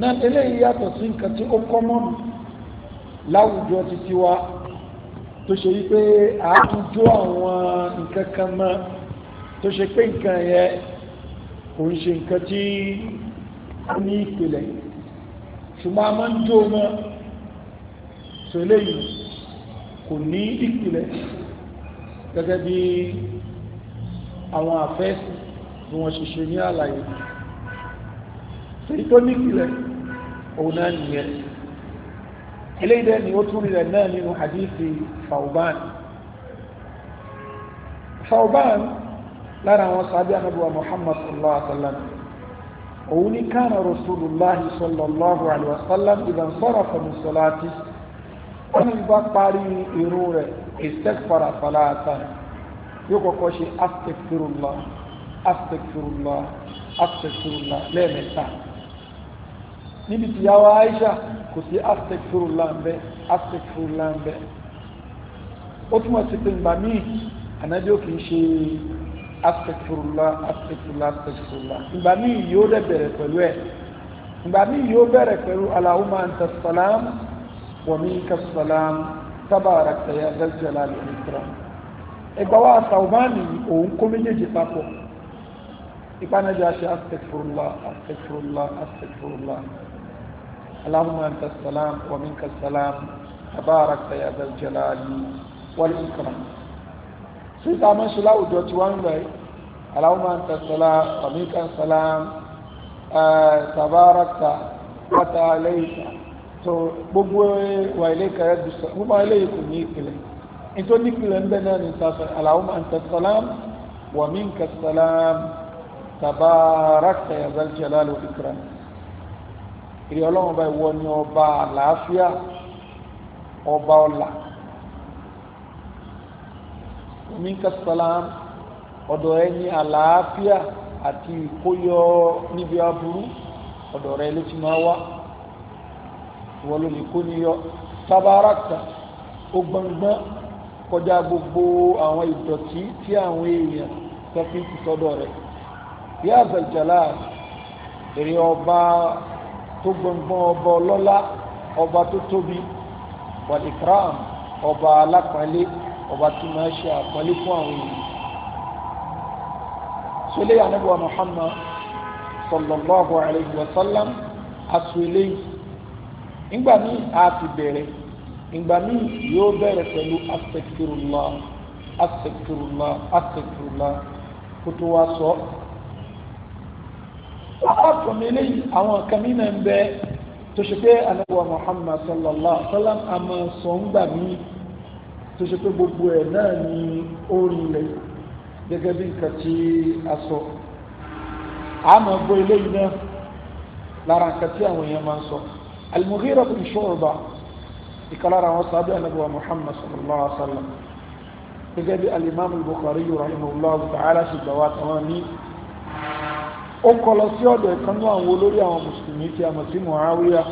náà eléyìí yàtọ̀ sí nǹkan tí ó kọ́mọ́ láwùjọ títí wa tó ṣe wípé àátújó àwọn nǹkan kan mọ́ ṣùgbọ́n a máa ń jó mọ́ ṣẹlẹ̀ yìí kò ní ìpìlẹ̀ gẹ́gẹ́ bí àwọn àfẹ́sì bí wọ́n ṣe ṣe ní àlàyé èyí tó ní ìpìlẹ̀ òun náà nìyẹn eléyìí dẹ́ ni ó tún rí rẹ̀ náà nínú hadithi Fauban Fauban lára àwọn sábẹ́ anábíwá Muhammad sallallahu alaihi òun ní kana rasulullahi sallallahu alaihi wasallam idha sarafa min salati wọ́n ní bá parí irun rẹ̀ istaghfara salata yóò kọ́kọ́ ṣe astaghfirullah astaghfirullah astaghfirullah lẹ́ẹ̀mẹ́ta níbi tí yàwó Aisha kò sí astaghfirullah ń bẹ astaghfirullah ń bẹ ó túmọ̀ sí pé ìgbà míì ànájọ́ kì ṣe astaghfirullah astaghfirullah astaghfirullah ìgbà míì yóò dẹ̀ bẹ̀rẹ̀ pẹ̀lú ẹ̀ ìgbà míì yóò bẹ̀rẹ̀ pẹ̀lú allahumma anta salam wa minka salam tabarakta ya zal jalali wal ikram ẹgbà wa sàwùmánì òun kó méjèèjì papọ̀ ìpánájà ṣe astaghfirullah astaghfirullah astaghfirullah allahumma anta salam wa minka salam tabarakta ya zal jalali wal ikram sí ìdámọ́ ṣe láwùjọ tí wọ́n ń lọ yìí aláwọ̀ máa ń tẹ̀sọ́lá ọ̀míkan sàlám tàbárakà pátá lẹ́yìnká tó gbogbo wà ilé kẹrẹ dùsọ̀ gbogbo ilé yìí kò ní ìpìlẹ̀ nítorí nípìlẹ̀ ń bẹ náà ní sàfẹ́ aláwọ̀ máa ń tẹ̀sọ́lá ọ̀míkan sàlám tàbárakà yàtọ̀ jẹ́lá lórí kíra ìrì ọlọ́run bá ìwọ ọba àlàáfíà ọba minka salam ọ̀dọ̀ ẹ ní àlàáfíà àti ìkóyọ níbi aburú ọ̀dọ̀ rẹ ló ti máa wá wọ́n ló lè kó níyọ tabarakta ó gbọ̀ngbọ́n kọjá gbogbo àwọn ìdọ̀tí tí àwọn èèyàn tọ́fí ti sọ́dọ̀ rẹ̀ bí àzàjàlá èrè ọba tó gbọ̀ngbọ́n ọba ọlọ́lá ọba tó tóbi wàlìkram ọba alápàlẹ́ ọba tí máa ṣe àpọ́nlé fún àwọn èèyàn sọlẹ anabiwa muhammad sallallahu alayhi wa sallam aṣọ eléyìí ìgbà míì a ti bẹ̀rẹ̀ ìgbà míì yóò bẹ̀rẹ̀ pẹ̀lú astaghfirullah astaghfirullah astaghfirullah kó tó wá sọ. apapọ̀ mi eléyìí àwọn kan mi náà ń bẹ tó ṣe pé anabiwa muhammad sallallahu alayhi wa sallam a máa sọ ń gbà míì tó ṣe pé gbogbo ẹ̀ náà ni ó rinlẹ̀ gẹ́gẹ́ bí nǹkan tí a sọ àmọ́ gbọ́ eléyìí náà lára nǹkan tí àwọn èèyàn máa ń sọ Al-Mughira bin Shu'ba ìkàlára àwọn sábẹ́ ànàbíwá Muhammad sallallahu alaihi wa gẹ́gẹ́ bí alimami Bukhari rahimahullahu ta'ala ṣe gbà wá tàwọn ní ó kọlọ sí ọ̀dọ̀ ìkanú àwọn olórí àwọn mùsùlùmí tí a mọ̀ sí Muawiya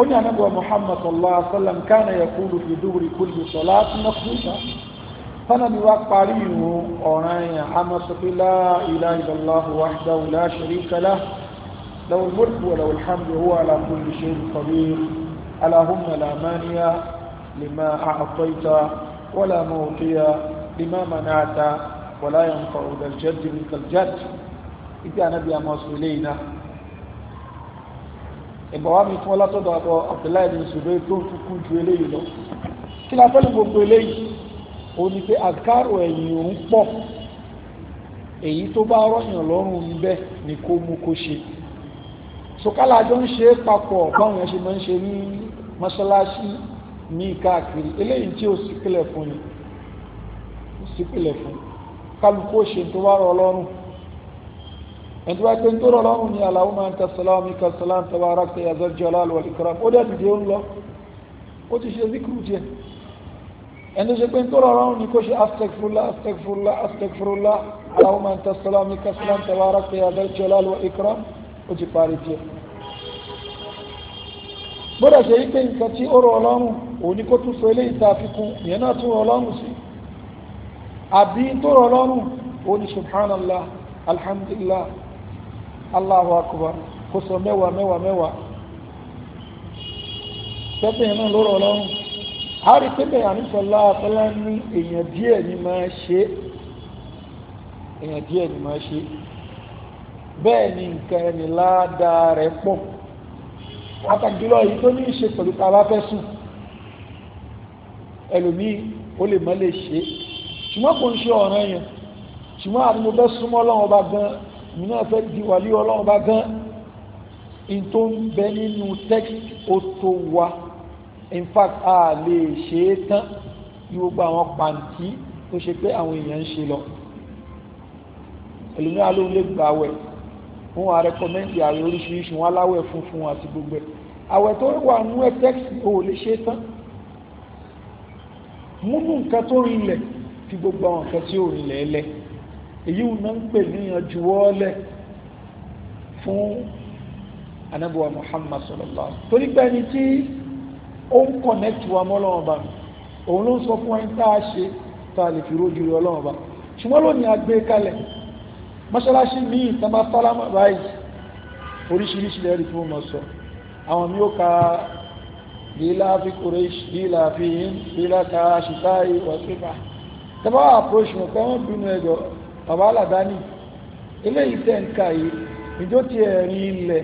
ó ní anábọ̀ muhammad sallallahu alaihi wa sallam kánà yaqulu fi duburi kulli salati maqsusa tánàbí wá parí ìrun ọ̀ràn yẹn a máa sọ pé la ilaha illallah wahdahu la sharika lahu lahul mulku wa lahul hamdu على ala kulli shay'in qadir allahumma la mani'a لما a'tayta ولا la mu'tiya lima mana'ta wa la yanfa'u dhal jaddi minkal jadd ìgbà ìbọ̀wá mi fún ọlátọ́dọ̀ àbọ̀ Abdullahi bin Zubair tó fi kún ju eléyìí lọ kí la fẹ́lú gbogbo eléyìí ó ní pé àkárò ẹ̀yìn òun pọ̀ èyí tó bá rọ̀yàn lọ́rùn níbẹ̀ ni kó mú kó ṣe sọkálà jọ ń ṣe é papọ̀ báwọn ẹṣin máa ń ṣe ní mọ́ṣáláṣí ní káàkiri eléyìí tí ó sì pìlẹ̀ fún ni ó sì pìlẹ̀ fún kálukú ó ṣe tó bá rọ̀ ẹni wá pé ń tó rọ lọ́rùn ní Allahumma anta salam minka salam tabarakta ya zal jalal wal ikram ó dẹ̀ dìde ń lọ ó ti ṣe zikru tiẹ̀ ẹni ṣe pé ń tó rọ lọ́rùn ní kó ṣe astaghfirullah astaghfirullah astaghfirullah Allahumma anta salam minka salam tabarakta ya zal jalal wal ikram ó ti parí tiẹ̀ gbọ́dọ̀ ṣe yí nǹkan tí ó rọ ọlọ́run òun ni kó tún sọ eléyìí tá a fi náà tún rọ ọlọ́run sí àbí tó rọ ọlọ́run òun ni subhanallah alhamdulillah Allahu akbar kó sọ mẹ́wàá mẹ́wàá mẹ́wàá tẹ́tẹ́ yẹn náà lórọ̀ ọlọ́run a rí pé bẹ́ẹ̀ àníṣọlá àtọ́lá ní èèyàn díẹ̀ ni máa ṣe èèyàn díẹ̀ ni máa ṣe bẹ́ẹ̀ ni nǹkan ẹni ládàá rẹ̀ pọ̀ àtàjùlọ èyí tó ní í ṣe pẹ̀lú tá a sùn ẹlòmíì ó lè má lè ṣe ṣùgbọ́n kò ń ṣe ọ̀ràn yẹn ṣùgbọ́n àti mo súnmọ́ ọlọ́run ọba gan-an mi náà fẹ́ di wàlí ọlọ́run bá gán in tó ń bẹ nínú text ó tó wa in fact a lè ṣe é tán ní gbogbo àwọn pàǹtí tó ṣe pé àwọn èèyàn ń ṣe lọ ẹlòmíràn ló ń lè gbà wẹ̀ wọn wà rẹkọmẹ́ǹdì àwẹ̀ oríṣiríṣi wọn aláwẹ̀ funfun àti gbogbo ẹ̀ àwẹ̀ tó wà nú ẹ̀ tẹ́kìsì ò lè ṣe tán múnú nǹkan tó rinlẹ̀ fi gbogbo àwọn nǹkan tí ò rinlẹ̀ ẹlẹ́ẹ̀ èyí wọn náà ń pè ní ìyànjúwọ́lẹ̀ fún anábọ̀wá Muhammad sallallahu torí pé ẹni tí ó ń kọ̀nẹ́tì wa mọ́ Ọlọ́run bá mi òun ló ń sọ fún ẹni tá a ṣe tá a lè fi rójú rí Ọlọ́run bá ṣùgbọ́n lónìí a gbé kalẹ̀ mọ́ṣáláṣí míì tán bá sálámà báyìí oríṣiríṣi lẹ́rìí tí wọ́n mọ̀ sọ àwọn mi ó ka lílá fi kúrèṣì lílá fi yín lílá ka ṣùtáì wọ́sífà tẹ́bá àpòṣùn kan bínú ẹjọ́ bàbá aládàáni eléyìí tẹ̀ ń ka yìí ìjọ ti ẹ̀rin ilẹ̀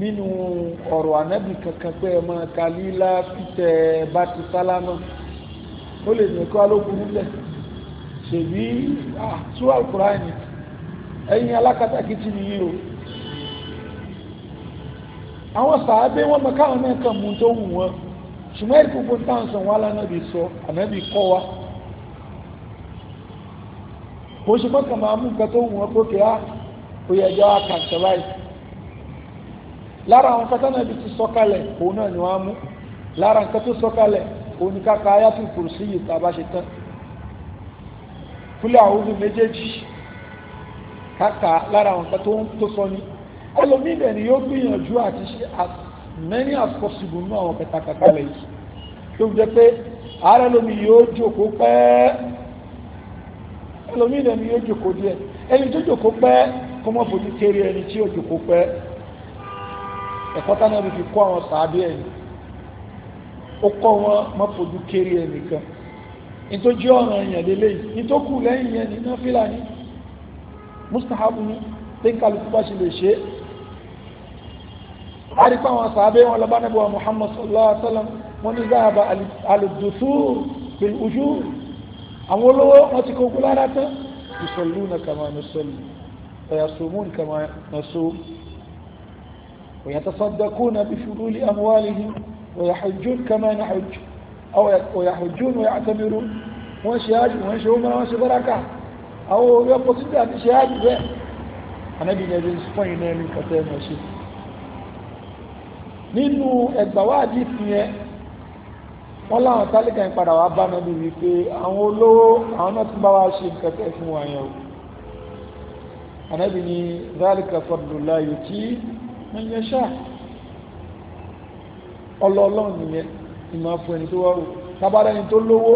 nínú ọ̀rọ̀ ànábì kankan pé ẹ máa ka lílá fìtẹ̀ bá ti sálámà ó lè ní kó alókùnrin lẹ̀ ṣèbí àtú àkùránì ẹ̀yin alákatakítí nìyí o àwọn sàábé wọn mọ káwọn náà kàn mú tó wù wọn ṣùgbọ́n èrè gbogbo táwọn sọ wọn alánàbì sọ ànábì kọ́ wa. So, kò ṣe pé kàn máa mú nǹkan tó wù wọn pé kí á kò yẹ ẹjọ́ àkàǹtẹ̀láì lára àwọn kátánà ibi ti sọ́kalẹ̀ òun náà ni wọ́n á mú lára nǹkan tó sọ́kalẹ̀ òun ni káka ayátu kùrùsí yìí tá a bá ṣe tán fúlẹ̀ àwọn omi méjèèjì káka lára àwọn nǹkan tó sọ ni ẹlòmíì dẹ̀ ni yóò gbìyànjú àti ṣe as many as possible nú àwọn kẹta kàkálẹ̀ yìí tó jẹ́ pé ààrẹ lómi yóò jókòó pẹ́ẹ́ ẹlòmíì lẹ́nu yóò jòkó díẹ̀ ẹni tó jòkó pẹ́ kó mọ́ fojú kéré ẹni tí yóò jòkó pẹ́ ẹ̀kọ́ táná fi kó àwọn sàábí ẹ̀yìn ó kọ́ wọn mọ́ fojú kéré ẹnìkan ní tó jẹ́ ọ̀ràn èèyàn lélẹ́yìn ní tó kù lẹ́yìn yẹn ní náfìlà ní mustahabu ní tẹ́ńkàlùkù bá ṣe lè ṣe é àríkọ́ àwọn sàábé wọn lọ bá nẹ́bọ̀ Muhammad sallallahu alaihi wasallam wọn ní záàbà alùdùsù pẹ̀lú ojú àwọn olówó wọn ti kókó lára tán yusalluna kama nusalli wa yasumuna kama nasum wa yatasaddaquna bi fuduli amwalihim wa yahujjuna kama nahujj wa yahujjuna wa ya'tamirun wọ́n ṣe ájì wọ́n ṣe ọmọ wọn ṣe báraka àwọn orí ọpọ̀ títà ti ṣe ájì bẹ́ẹ̀ anábì ní ẹbí spọ́yìn náà ní kọtẹ́ ẹ̀mọ̀ ṣe nínú ẹgbàwádìí fi wọ́n láwọn tálíkà ń padà wá bá nàbí wípé àwọn olówó àwọn náà tún bá wá ṣe nǹkan tẹ́ fún wa yẹn o ànábì ní zálìkà fọdùlá yìí tí wọ́n yẹ ṣá ọlọ́ọ̀lọ́ọ̀ nìyẹn ìmọ̀ fún ẹni tó wá rò tábàdà ẹni tó lówó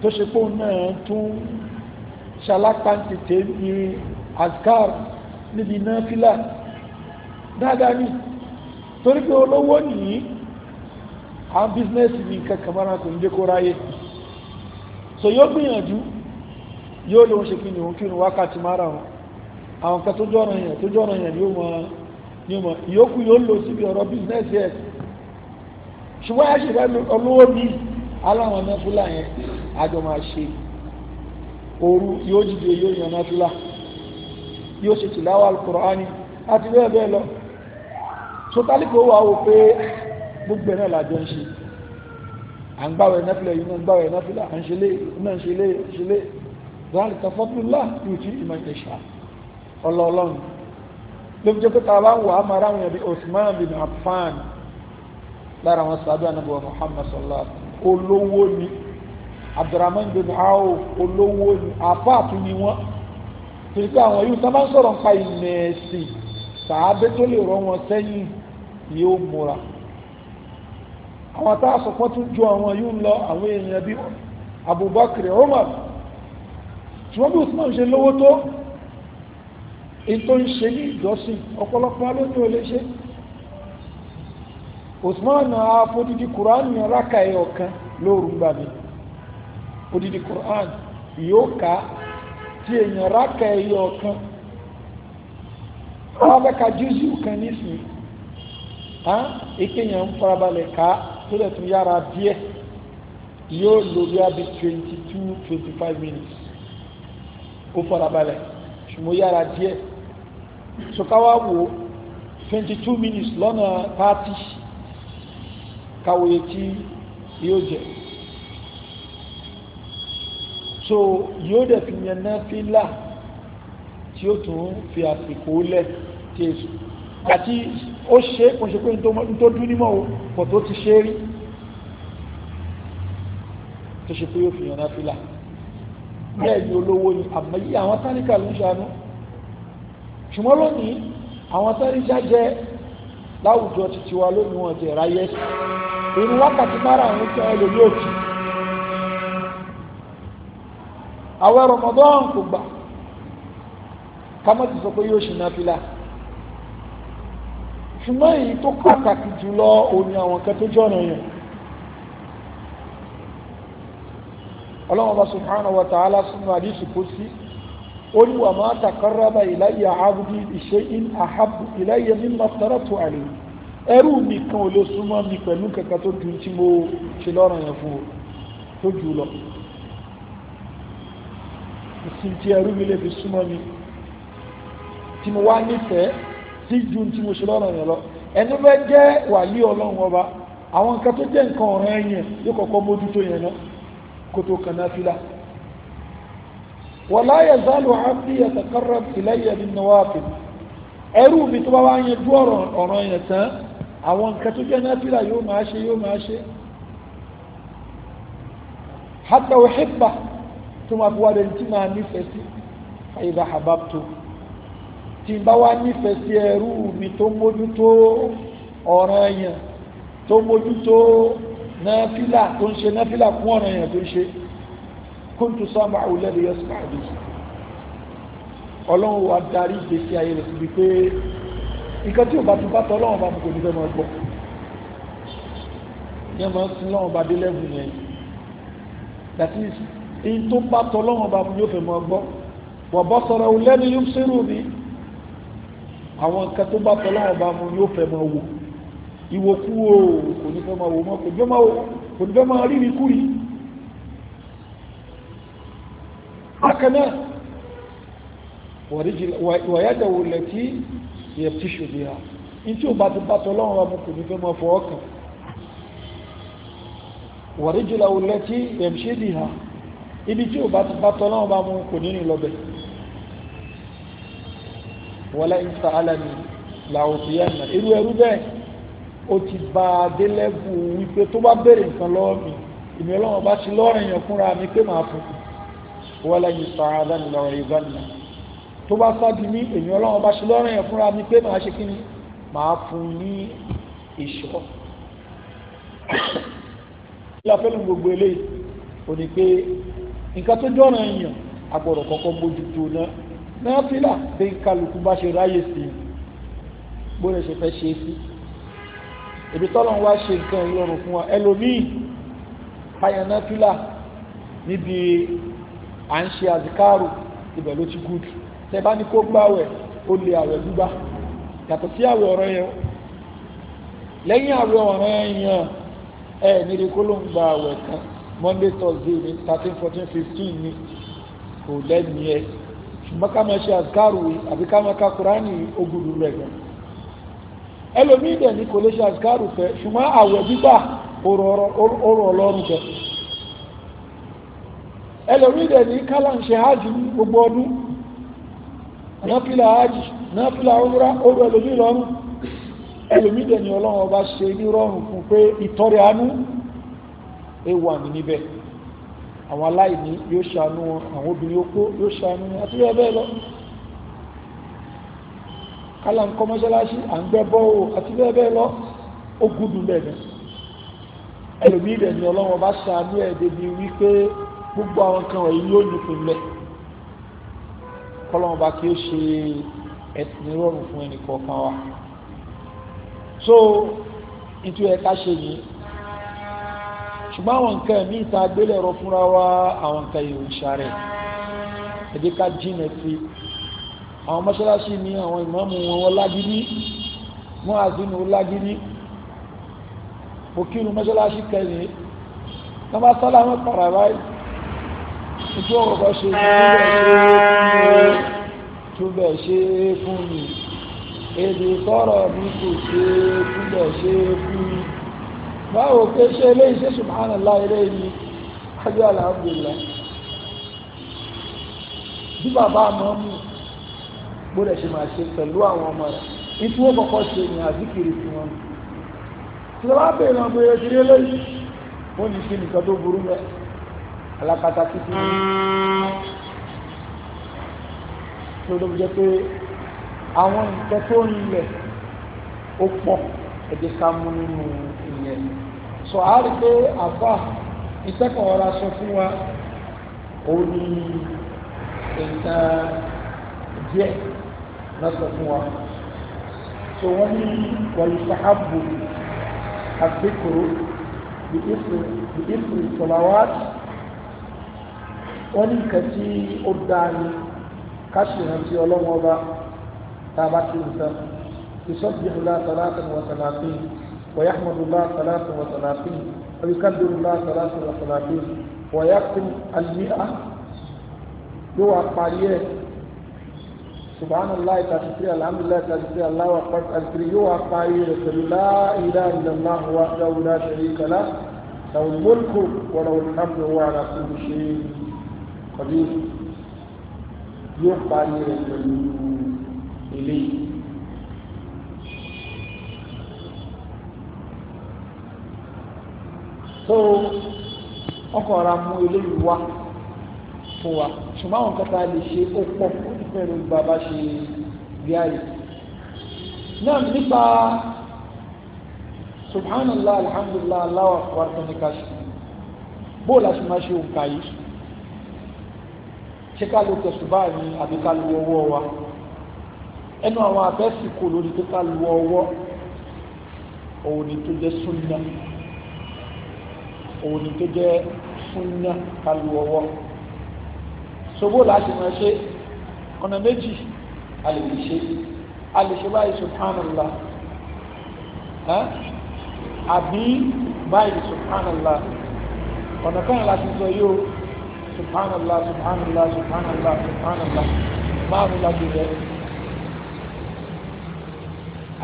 tó ṣe pé òun náà tún ṣalápáǹtì tèmi azkar níbi náà fílà dáadáa ní torí pé olówó nìyí àwọn bísínẹ́sì ní kankan mara kò ní jẹ́ kó ráyé so yóò gbìyànjú yóò lóun ṣe kí ni òun kí ni wákàtí mara wọn àwọn kan tó jọ́ràn yẹn tó jọ́ràn yẹn yóò mọ ní mọ ìyókù yóò lò síbi ọ̀rọ̀ bísínẹ́sì ẹ̀ ṣùgbọ́n a ṣe fẹ́ olówó mi aláwọn náfúlà yẹn àjọ máa ṣe òru yóò dìde yóò yan náfúlà yóò ṣe tìláwà alukur'ani àti bẹ́ẹ̀ bẹ́ẹ̀ lọ gbogbo ẹ̀ náà làjọ ń ṣe à ń gbáwẹ̀ náfìlà yìí náà ń gbáwẹ̀ náfìlà à ń ṣe lé náà ń ṣe lé ṣe lé láàrín kan fọ́túnlá yóò tí ìmọ̀ ìṣà ọlọ́ọ̀lọ́run ló jẹ́ pé ta bá wà á máa ráwọn ẹ̀bí Osman bin Affan lára àwọn sàbẹ̀ anábọ̀ Muhammad sallallahu olówó ni Abdurrahman bin Awo olówó ni àfáàtú ni wọ́n torí pé àwọn yìí sábà ń sọ̀rọ̀ nípa ìmẹ̀ẹ̀sì sàábẹ́ tó lè rọ wọn sẹ́yìn yóò múra àwọn tá a sọ pọ́ tún ju àwọn yìí ń lọ àwọn èèyàn bí Abubakar Umar ṣùgbọ́n bí Usman ṣe lówó tó in tó ń ṣe ní ìjọsìn ọ̀pọ̀lọpọ̀ alóní ò lè ṣe Usman afodidi Quran yan raka ẹ ọ̀kan lóòrù gbà mí odidi Quran yóò ká tí èèyàn raka ẹ ọ̀kan wọ́n fẹ́ ka júùsì kan nísìnyí ìkéyàn ń farabalẹ̀ ká. tó dẹ̀ tún yára díẹ̀ yóò lò bí a bí twenty two twenty five minutes ó farabalẹ̀ ṣùgbọ́n yára díẹ̀ sọkáwá wo twenty two minutes lọ́nà thirty kàwòye tí yóò jẹ so yóò dẹ̀ fi yẹn náà fi là tí ó tún fi àsìkò lẹ̀ tí èso àti ó ṣe kò ṣe pé n tó dún nímọ̀ o pọ̀ tó ti ṣe rí tó ṣe pé yóò fi yànnà fìlà bẹ́ẹ̀ ni olówó ni àmọ́ yí àwọn táníkà ló ń ṣàánú ṣùgbọ́n lónìí àwọn táníkà jẹ́ láwùjọ títí wa lónìí wọn ti ráyé inú wákàtí mara àwọn tí wọn lò ní òkè àwọn Ramadan kò gbà ká sọ pé yóò ṣe náà fìlà ṣùgbọ́n èyí tó pàtàkì jùlọ òní àwọn kan tó jọ́nà yẹn ọlọ́wọ́n subhanahu wa ta'ala sínú àdísù kó sí ó ní wà máa taqarraba ilayya abdi bi shay'in ahabbu ilayya mimma aftaratu alayhi ẹrú nìkan ò lè súnmọ́ mi pẹ̀lú kankan tó ju tí mo ṣe lọ́rọ̀ yẹn fún tó jù lọ ìsìn tí ẹrú mi lè fi súnmọ́ mi tí mo wá nífẹ̀ẹ́ sí ju tí mo ṣe lọ́rọ̀ yẹn lọ ẹni bẹ́ jẹ́ wàlí ọlọ́run ọba àwọn nǹkan tó jẹ́ nǹkan ọ̀ràn yẹn yóò kọ́kọ́ mójútó yẹn náà kó tó kàn náà fìlà wàlá yẹ zálù ábí yàtàkárà ìlẹ́yẹ ní nàwáàfẹ́ ẹrú mi tó bá wá yẹn dú ọ̀ràn yẹn tán àwọn nǹkan tó jẹ́ náà fìlà yóò máa ṣe yóò máa ṣe hátà òhìbà tó máa fi wá lẹ́ni tí máa nífẹ̀ẹ́ sí àyíká tí bá wá nífẹ̀ẹ́ sí ẹrú mi tó mójútó ọ̀ràn yẹn tó mójútó náfílà tó ń ṣe náfílà fún ọ̀ràn yẹn tó ń ṣe kóńtù sábà òlẹ́dì yẹ́sùn àdé ọlọ́run wa darí ìgbésí ayé rẹ̀ síbi pé nǹkan tí ò bá tún bá tọ́ ọlọ́run bá mú kò ní fẹ́ máa gbọ́ yẹn máa ń sin lọ́wọ́n bá dé lẹ́bùn yẹn that is in tó bá tọ́ ọlọ́run bá mú yóò fẹ́ máa gbọ́ wọ́n sọ̀rọ̀ òlẹ́dì yóò ṣerú mi àwọn nǹkan tó bá tọ́lọ́wọ́ bá mú yóò fẹ́ máa wò ìwòkú o kò ní fẹ́ máa wò mọ́ kò ní fẹ́ máa wò kò ní fẹ́ máa rí ní kú yìí bákan náà wàyájáwò lẹ́tí yẹ tí ṣòdì ha tí ó bá ti bá tọ́lọ́wọ́ bá mú kò ní fẹ́ máa fọ́ ọkàn wàríjìláwò lẹ́tí yẹ tí ṣòdì ha ibi tí ó bá ti bá tọ́lọ́wọ́ bá mú kò ní ní lọ́bẹ̀ẹ́ wọlé ìfà alẹ́mi làwùjọ náà irú ẹrú bẹ́ẹ̀ ó ti bá a dé lẹ́bù wípé tó bá béèrè nǹkan lọ́wọ́ mi ìmì ọlọ́wọ́ bá ti lọ́rọ̀ èèyàn fúnra mi pé màá fún un wọlé ìfà alẹ́mi làwùjọ ìbánilá tó bá sábì ní èmi ọlọ́wọ́ bá ti lọ́rọ̀ èèyàn fúnra mi pé màá ṣe kí ni màá fún un ní ìṣọ́ láfẹ́lú gbogbo eléyìí ò ní pé nǹkan tó jọ́ràn èèyàn agbọ̀rọ̀ kọ́kọ́ mójútó náà náfílà bí kálukú bá ṣe ráyè sí bóyá ṣe fẹ́ ṣe sí ebi tọ́lọ̀ ń wá ṣe nǹkan ìrọ̀rùn fún wa ẹlòmíì ayan náfílà níbi à ń ṣe àzìkáàrò ibẹ̀ ló ti gùdù tẹ bá ní kó gbáwẹ̀ ó lè àwẹ̀ gbígbá yàtọ̀ sí àwẹ̀ ọ̀rọ̀ yẹn lẹ́yìn àwẹ̀ ọ̀rọ̀ yẹn ẹ nílé kó ló ń gba àwẹ̀ kan monday thursday ní thirteen fourteen fifteen ní kò lẹ́nu yẹn ṣùgbọ́n ká máa àbí ká máa ka kúránì ogúdù gan ẹlòmíì dẹ̀ ní kò lè ṣe àzikáàrù fẹ́ gbígbà gbogbo ọdún náfìlà hajj náfìlà ọrụ ọ̀rọ̀ ẹlòmíì lọ́rùn ẹlòmíì ọba ṣe ní rọrùn fún pé ìtọrẹ àwọn aláìní yóò ṣàánú wọn àwọn obìnrin opó yóò ṣàánú wọn àti bẹ́ẹ̀ bẹ́ẹ̀ lọ kálá ń kọ́ mọ́ṣáláṣí à ń gbẹ́ bọ́ọ̀ àti bẹ́ẹ̀ bẹ́ẹ̀ lọ ó gúdùn bẹ́ẹ̀ bẹ́ẹ̀ ẹlòmíì rẹ̀ ni ọlọ́wọ́n bá ṣàánú ẹ̀ débi wípé gbogbo àwọn kan wọ̀nyí yóò nípìn lẹ̀ kọ́lọ́wọ́n bá kí ó ṣe ẹ̀sìn rọrùn fún ẹnì kọ̀ọ̀kan wa so ìtú ẹ̀ka ṣe yìí ṣùgbọ́n àwọn nǹkan ẹ̀mí ìta agbélẹ̀rọ fúnra wa àwọn nǹkan ìròyìn ṣàrẹ̀ ẹ̀dẹ́ ká jìnà sí àwọn mọ́ṣáláṣí ni àwọn ìmáàmù wọn wọ́n lágídí wọ́n àzínú lágídí òkìrù mọ́ṣáláṣí kẹrin wọ́n bá sọ́lá wọn pàrà báyìí ojú ọ̀rọ̀ ṣe túbẹ̀ ṣe fún mi èdè sọ̀rọ̀ mi kò ṣe túbẹ̀ ṣe fún mi báwo pé ṣe eléyìí ṣe subhanallah eléyìí ajé alhamdulillah bí bàbá àmọ́mù gbọ́dọ̀ ṣe máa ṣe pẹ̀lú àwọn ọmọ rẹ̀ ìtú ó kọ́kọ́ ṣe ní àzíkiri tí wọ́n ní tí wọ́n bá bèèrè ọmọ eré kiri eléyìí wọ́n ní sí nìkan tó burú mẹ́ alákatá títí tó ló jẹ́ pé àwọn nǹkan ń lẹ̀ ó pọ̀ ẹ̀jẹ̀ ká mú nínú ìyẹn sọ á rí pé àfà ìtẹ́kọ̀ọ́ ọ̀rá sọ fún wa òun ni nǹkan díẹ̀ náà fún wa so wọ́n ní wàlùfàábù àgbékòrò bìífù ìsọ̀làwàtì wọ́n ní nǹkan tí ó dáa ni ká ṣe ìrántí ọlọ́wọ́n ọba tá a bá ti ń sọ ìsọ́bìnrin látọ̀ látọ̀ wọ̀tàlá fún yìí. ويحمد الله ثلاث وثلاثين ويكبر الله ثلاث وثلاثين ويختم المئة يوى قاريه سبحان الله تذكر الحمد لله تذكر الله وقد أذكر يوى قاريه لا إله إلا الله وحده لا شريك له له الملك وله الحمد وهو على كل شيء قدير يوى قاريه إليه so ọkọ̀ ọ̀rá mú eléyìí wá fún wa ṣùgbọ́n àwọn kẹta lè ṣe ó pọ̀ ó ti fẹ́ lórí bàbá ṣe bí ààyè náà nípa subhanallah alhamdulillah Allahu akbar tó ní ká ṣe bó la ṣe máa ṣe òǹkà yìí ṣé ká ló tẹ̀sùn báyìí àbí ká lu ọwọ́ wa ẹnu àwọn abẹ́sìkò lórí pé ká lu ọwọ́ òun ni tó jẹ́ súnmọ́ òun ni tó jẹ́ súnná kálu ọwọ́ sobó láti máa ṣe ọ̀nà méjì a lè fi ṣe a lè ṣe báyìí subhanallah àbí báyìí subhanallah ọ̀nà kan láti sọ yóò subhanallah subhanallah subhanallah subhanallah márùn láti rẹ̀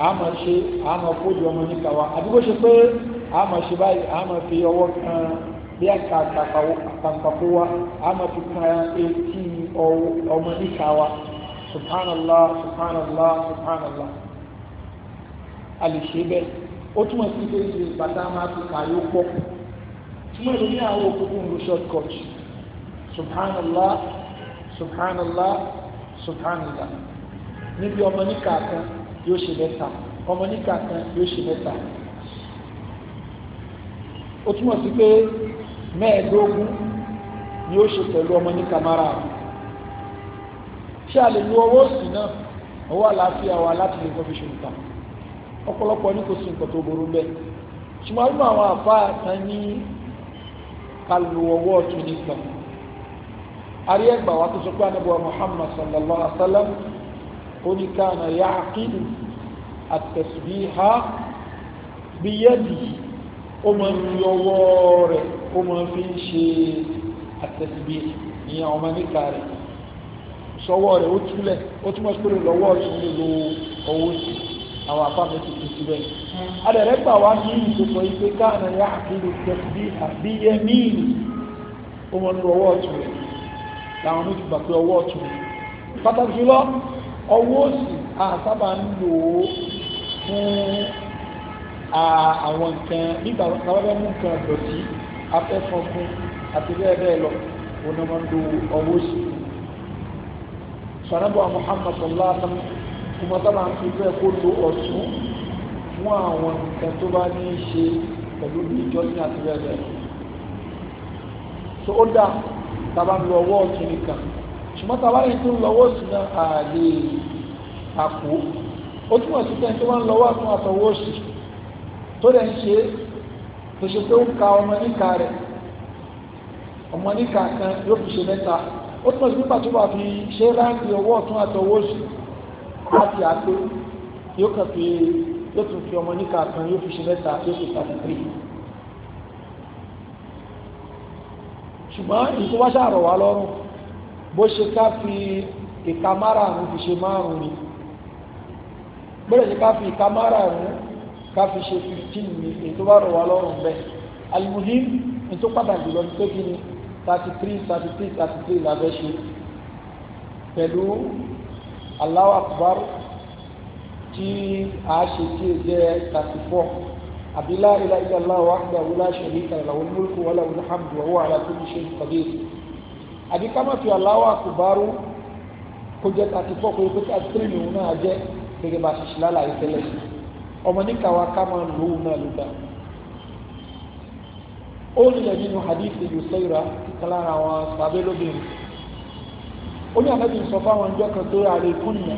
àmọ̀ ṣe àmọ̀ kójú ọmọ níkàwá àbí bó ṣe pé a máa ṣe báyìí a máa fi ọwọ́ kan bí àkàkàkàkó wa a máa fi kan etí ọmọ níka wa subhanallah subhanallah subhanallah a lè ṣe bẹ́ẹ̀ ó túmọ̀ sí pé ṣe bàtà máa fi kàyó pọ̀ túmọ̀ sí ní àwọn òkúkú ń lo short cut subhanallah subhanallah subhanallah níbi ọmọ níka kan yóò ṣe mẹ́ta ọmọ níka kan yóò ṣe mẹ́ta ó túmọ̀ sí pé mẹ́ẹ̀ẹ́dógún ni ó ṣe pẹ̀lú ọmọ ní kamara ṣé a lè lo owó sí náà owó àlàáfíà wa láti lè kọ́ fi ṣe nǹkan ọ̀pọ̀lọpọ̀ ní kò sí nǹkan tó burú bẹ́ẹ̀ ṣùgbọ́n nínú àwọn àfa kan ní ká owó ọ̀tún nìkan àrí ẹgbà wa tó sọ pé anábọ̀ Muhammad sallallahu alaihi wa sallam ó ní ká na ya'qidu at-tasbiha biyadihi ó máa ń fi ọwọ́ rẹ̀ ó máa fi ń ṣe àtẹ̀síbí ní ọmọ níka rẹ̀ sọwọ́ rẹ̀ ó túlẹ̀ ó túmọ̀ sí pé lọ́wọ́ lo ọwọ́ sí àwọn àpapọ̀ ti fi síbẹ̀. adẹ̀rẹ́ gbà wá ní ìsopọ̀ yìí káàna ya àkílù tẹ̀síbí àbí yẹmí ó máa lo ọwọ́ àwọn nǹkan nígbà káwọ́dá mú nǹkan dọ̀tí afẹ́fọ́n fún àti bẹ́ẹ̀ bẹ́ẹ̀ lọ wọn ni wọ́n ń lo ọwọ́ sí i Muhammad sallallahu kuma sábà ń fi bẹ́ẹ̀ kó lo ọ̀tún fún àwọn nǹkan tó bá ní í ṣe pẹ̀lú ìjọsìn àti bẹ́ẹ̀ bẹ́ẹ̀ so ó dà tábà ń lo ọwọ́ ọ̀tún nìkan ṣùgbọ́n tábà yìí tó ń lọ́wọ́ sí náà àlè àpò ó túmọ̀ sí pé tó bá ń lọ́wọ́ àtúnwàtọ̀wọ́ sí i tó dẹ̀ ń ṣe tó ṣe pé ó ń ka ọmọ níka rẹ̀ ọmọ níka kan yóò fi ṣe mẹ́ta ó túnmọ̀ sí pípa tó bá fi ṣe láti ọwọ́ ọ̀tún àti ọwọ́ òsì láti àpé yóò kàn fi yóò tún fi ọmọ níka kan yóò fi ṣe mẹ́ta yóò fi ṣàtìkiri ṣùgbọ́n ìṣúwáṣà rọ̀ wá lọ́rùn bó ṣe ká fi ìka márààrún fi ṣe márùn-ún ni bó ṣe ká fi ìka márààrún ká fi ṣe fifteen ní ètò bá rọ̀ wá lọ́rùn bẹ́ẹ̀ alimuhim ètò pàtàkì jùlọ ní pé kí ni thirty three thirty three thirty three la fẹ́ ṣe pẹ̀lú Allahu akbar tí a ṣe tí ó jẹ́ thirty four àbí la ilaha illallah wahdahu la sharika lahu al-mulku wa lahu al-hamdu wa huwa ala kulli shay'in qadir àbí ká má fi Allahu akbar kó jẹ́ thirty four kó yẹ kó thirty three lòun náà jẹ́ gẹ́gẹ́ bá a ṣe ṣe lálàyé tẹ́lẹ̀ sí i ọmọ níkàwá ká máa lò ó náà ló dá ó nílẹ̀ nínú hadithi yusaira ìkàlára àwọn sàbẹ́ lóbìnrin ó ní àbẹ́bí sọ fáwọn ọjọ́ kan tó rà rè kúnnà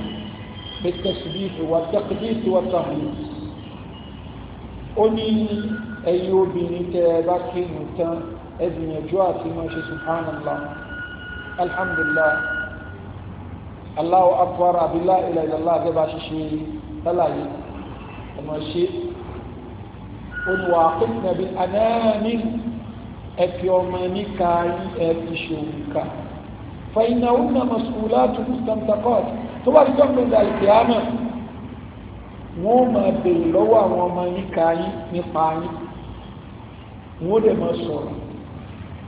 بالتسبيح والتقديس والتهليل ó ní ẹ̀yin obìnrin tẹ́ ẹ bá kírun tán ẹ gbìyànjú àti máa ṣe subhanallah alhamdulillah Allahu akbar abilá ilẹ̀ ìlàlá àgbẹ̀bá ṣiṣẹ́ lálàyé ọmọ ṣe olùwà akínàbí anáàmì ẹ̀fì ọmọ níka ẹ̀fì ṣòwúka fàyínà ọ̀nà mọ̀sùlá tó mùsùlùmùtàkọ́t tó bá ti dọ́gbọ̀n dà ìkìyàmà wọ́n máa béèrè lọ́wọ́ àwọn ọmọ níka yín nípa yín wọ́n dẹ̀ máa sọ̀rọ̀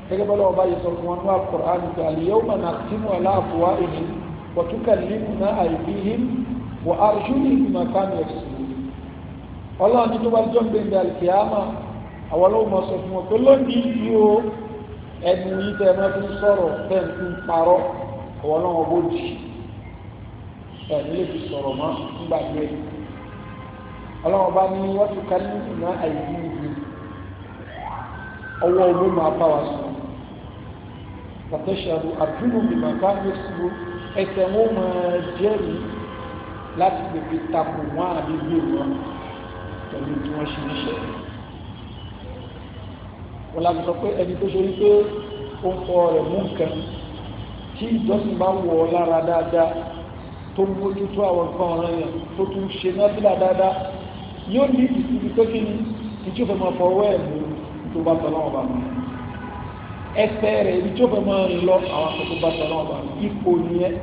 gẹ́gẹ́ bọ́lá ọba yìí sọ fún wọn ní Al-Qur'an nípa al-yawma nakhtimu ala afwahihim wa tukallimuna aydihim wa arjuluhum bima kanu yaksibun ọlọ́run ní tó bá jọ gbẹ̀ngà ìkìyàmà àwọn ọlọ́run mọ̀ sọ fún wọn pé lónìí yìí o ẹnu yìí tẹ́ ẹ máa fi ń sọ̀rọ̀ tẹ́ ẹ fi ń parọ́ àwọn ọlọ́run ọgbó jì ẹ̀ ní lè fi sọ̀rọ̀ mọ́ nígbà gbé ọlọ́run bá ní wọ́n ti ká ní ìná àìsí ìdí ọwọ́ owó máa bá wa sọ pàtẹ́sàdù àdúgbò bìbà bá ń lọ ẹsẹ̀ wọn máa jẹ́rìí láti lè takò wọn àdúgbò wọn pẹ̀lú tí wọ́n ṣe níṣẹ́ wọn láti sọ pé ẹni tó ṣe rí pé ó ń fọ rẹ̀ mú nǹkan tí ìjọsìn bá wọ̀ ọ́ lára dáadáa tó ń mójútó àwọn nǹkan ọ̀ràn yẹn tó tún ṣe nábìlà dáadáa yóò ní ìsinmi pé kí ni ìjọ fẹ́ máa fọwọ́ ẹ̀ mú tó bá tọ́ náà bá mú ẹsẹ̀ rẹ̀ ìjọ fẹ́ máa ń lọ àwọn akọ tó bá tọ́ náà bá mú ipò nìyẹn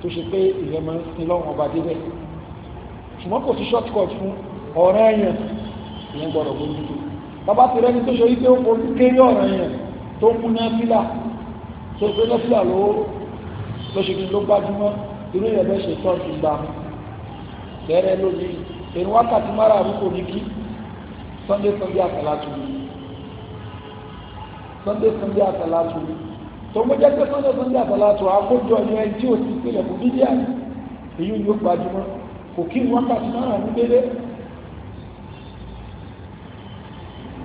tó ṣe pé ìyẹn ń sin lọ́wọ́n ọba débẹ̀ ṣùgbọ́n kò sí short cut fún ọ̀rọ̀ ẹ̀yàn ìyẹn gbọ́dọ̀ bójú tó bàbá ti rẹ́ni tó ṣe wípé ó fojú kéré ọ̀rọ̀ ẹ̀yàn tó mú náfìlà tó gbé náfìlà ló ló ṣe kí ló gbájúmọ́ irú ìyẹn bẹ́ẹ̀ ṣe tọ́ ti gbà bẹ́ẹ̀rẹ̀ lómi èrò wákàtí mara àbúkò ní kí Sunday Sunday àtàlátù Sunday Sunday àtàlátù tó gbọ́jẹ́ pé Sunday Sunday àtàlátù àkójọ ẹni ẹni tí ò ti pèlè kò dídí àná èyí yóò gbájúmọ́ kò kí wákàtí mara àbúkò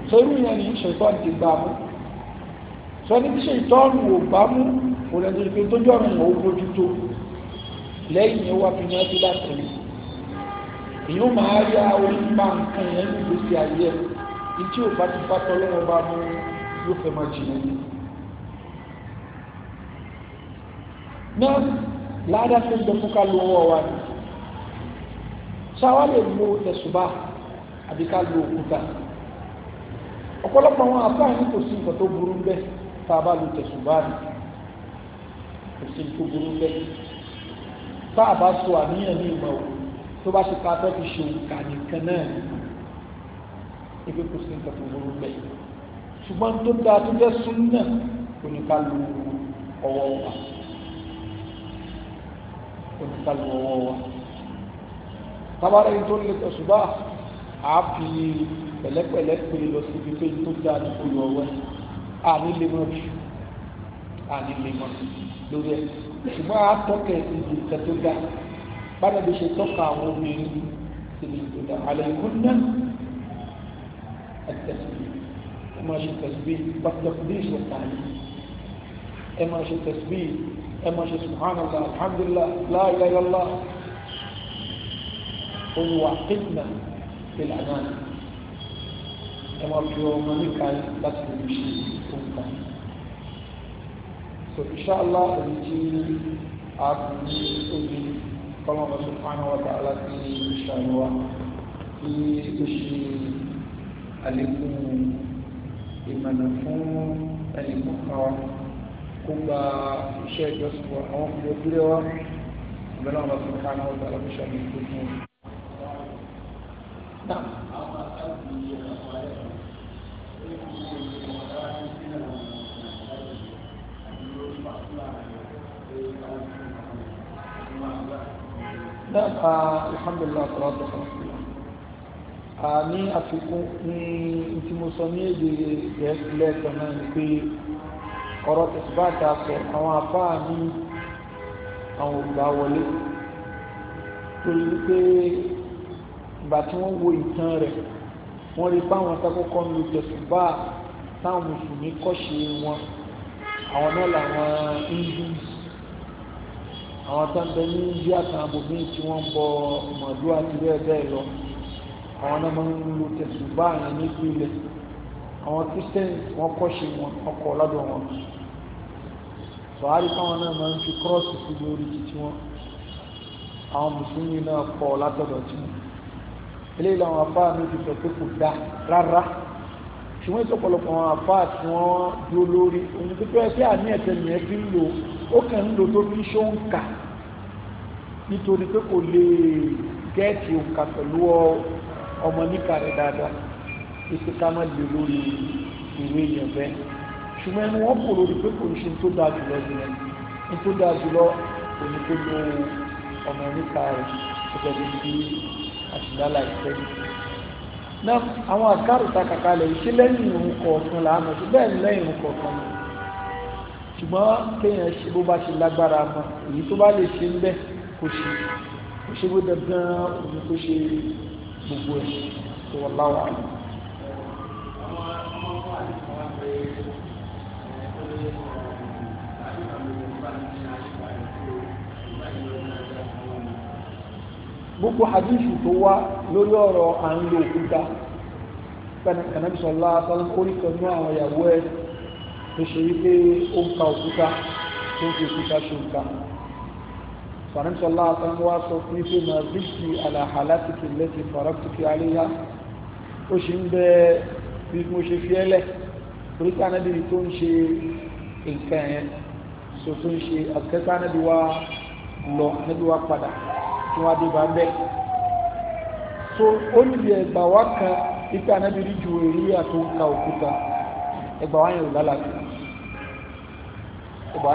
torí yẹn ni ṣètọ́ ti gbà mú sọ ní bí ṣètọ́nù ò bá mú kò lè dèrè pé tójú ọ̀rọ̀ yẹn ó bójú tó lẹ́yìn yẹn wá fi yẹn tó láti rí èyí ó máa rí àwọn onímọ̀ nǹkan yẹn ní ìgbésí ayé ẹ̀ tí ò bá ti bá tọ́ lọ́wọ́ bá mú yóò fẹ́ máa jìnnà ní. náà ládàá tó fún ká lo ni ṣáwá lè lo ẹ̀sùn bá àbí ká òkúta ọ̀pọ̀lọpọ̀ àwọn àfáà ní kò sí nǹkan tó burú bẹ́ẹ̀ tá a bá lu tẹ̀sùbáàrì kò sí nǹkan tó burú bẹ́ẹ̀ tá a bá so àníyàn ní ìmọ̀ òkú tó bá ṣe pàtó fi ṣe òǹkà nìkan náà ibi kò sí nǹkan tó burú bẹ́ẹ̀ ṣùgbọ́n tó dáa tó jẹ́ súnnà kò ní ká lu ọwọ́ wa kò ní ká lu ọwọ́ wa tábàárẹ̀ tó lè tẹ̀sùbáà àá fi pẹ̀lẹ́pẹ̀lẹ́ pé lọ síbi tó tó dáa ní olú ọwọ́ àní lè mọ̀ jù àní lè mọ̀ lórí ẹ̀ ṣùgbọ́n a tọ́kẹ̀ ibi ìtẹ́ tó dáa bára bí ṣe tọ́ka àwọn obìnrin síbi tó dáa àlẹ́ ìkún náà التسبيح اما شي تسبيح والتقديس والتعليم اما شي تسبيح اما شي سبحان الله الحمد لله لا اله الا الله قل وقفنا في الامان ẹ máa fi ọmọ níka láti lè ṣe tó ń kan. sọ̀tìṣàlá èyí tí a kù ní omi kọ́lọ́mọ̀ tó fáwọn ọ̀dà aláti ṣàlùwà kí ó ṣe àlékún ìmọ̀nà fún ẹnì kọ̀ọ̀kan wa kó gba iṣẹ́ ìjọsìn àwọn kò dúró wa ìbẹ̀rẹ̀ ọ̀dà tó fáwọn ọ̀dà aláti ṣàlùwà kó fún un. Now, náà alhamdulilah salatu alhamdulilah ní àfikún ní tí mo sọ ní èdè gẹ̀ẹ́sì lẹ́ẹ̀kan náà ni pé ọ̀rọ̀ tẹ̀síbáàtà sọ àwọn afáà ní àwọn ògbà wọlé torí wípé ìgbà tí wọ́n wo ìtàn rẹ̀ wọ́n rí báwọn atakọ́kọ́ ń lu tẹ̀síbá táwọn mùsùlùmí kọ́ ṣe wọn àwọn náà làwọn Hindus àwọn tó ń bẹ ní bí àtàwọn bòmí tí wọ́n ń bọ màdúrà àti bẹ́ẹ̀ bẹ́ẹ̀ lọ àwọn náà máa ń lo tẹ̀sùbá àyàn ní ìpínlẹ̀ àwọn christian wọn kọ́ṣe wọn ọkọ̀ lọ́dọ̀ wọn buhari káwọn náà máa ń fi kírọ́ọ̀sì sí lórí títí wọn àwọn mùsùlùmí náà kọ́ látọ̀dọ̀ tí wọn eléyìí làwọn afáà mi ti sọ pé kò dá rárá ṣùgbọ́n ìsọ̀pọ̀lọpọ̀ àwọn afáà tí wọ́n dúró lórí òun pípẹ́ sí àní ẹ̀tẹ̀ nìyẹn fi ń lò ó kàn ń lò tó fi ṣó ń kà nítorí pé kò lè gẹ́ẹ̀tì òǹkà pẹ̀lú ọmọ níka rẹ̀ dáadáa èsì ká má lè lórí ìwé yẹn bẹ́ẹ̀ ṣùgbọ́n ẹnu wọn kò lórí pé kò ń ṣe tó dáa jùlọ nìyẹn ní tó dáa jùlọ kò ní kó lo ọmọ níka rẹ̀ gẹ́gẹ́ bí bí àtìdálà ìfẹ́ náà àwọn àkárùta kàkálẹ̀ iṣẹ́ lẹ́yìn ìrùn kọ̀ọ̀kan làánà ṣùgbọ́n lẹ́yìn ìrùn kọ̀ọ̀kan ṣùgbọ́n kéèyàn ṣe bó bá ṣe lágbára mọ́ èyí tó bá lè ṣe ń bẹ́ẹ̀ kó ṣe kó ṣe gbé dandan òun kó ṣe gbogbo ẹ̀ tó wọ́n láwà ní. gbogbo hadithu tó wá lórí ọ̀rọ̀ à ń lo òkúta kanabi sọlá sọlá kan ní àwọn ìyàwó ẹ̀ tó ṣe wípé ó ń ka òkúta tó ń fi òkúta ṣe nǹkan. فنمس الله تعالى وصفني فيما رشتي على حالاتك التي فرقتك عليها وشن بمشي في له وريت أنا بني تنشي إن كان سوتنشي أكتا أنا دوا لو أنا دوا قدا توا دي بابك so only níbi ẹgbà wá kan ipe anábìrí ju èrí àti òǹkà òkúta ẹgbà wá yẹn ò lálàáfíà ẹgbà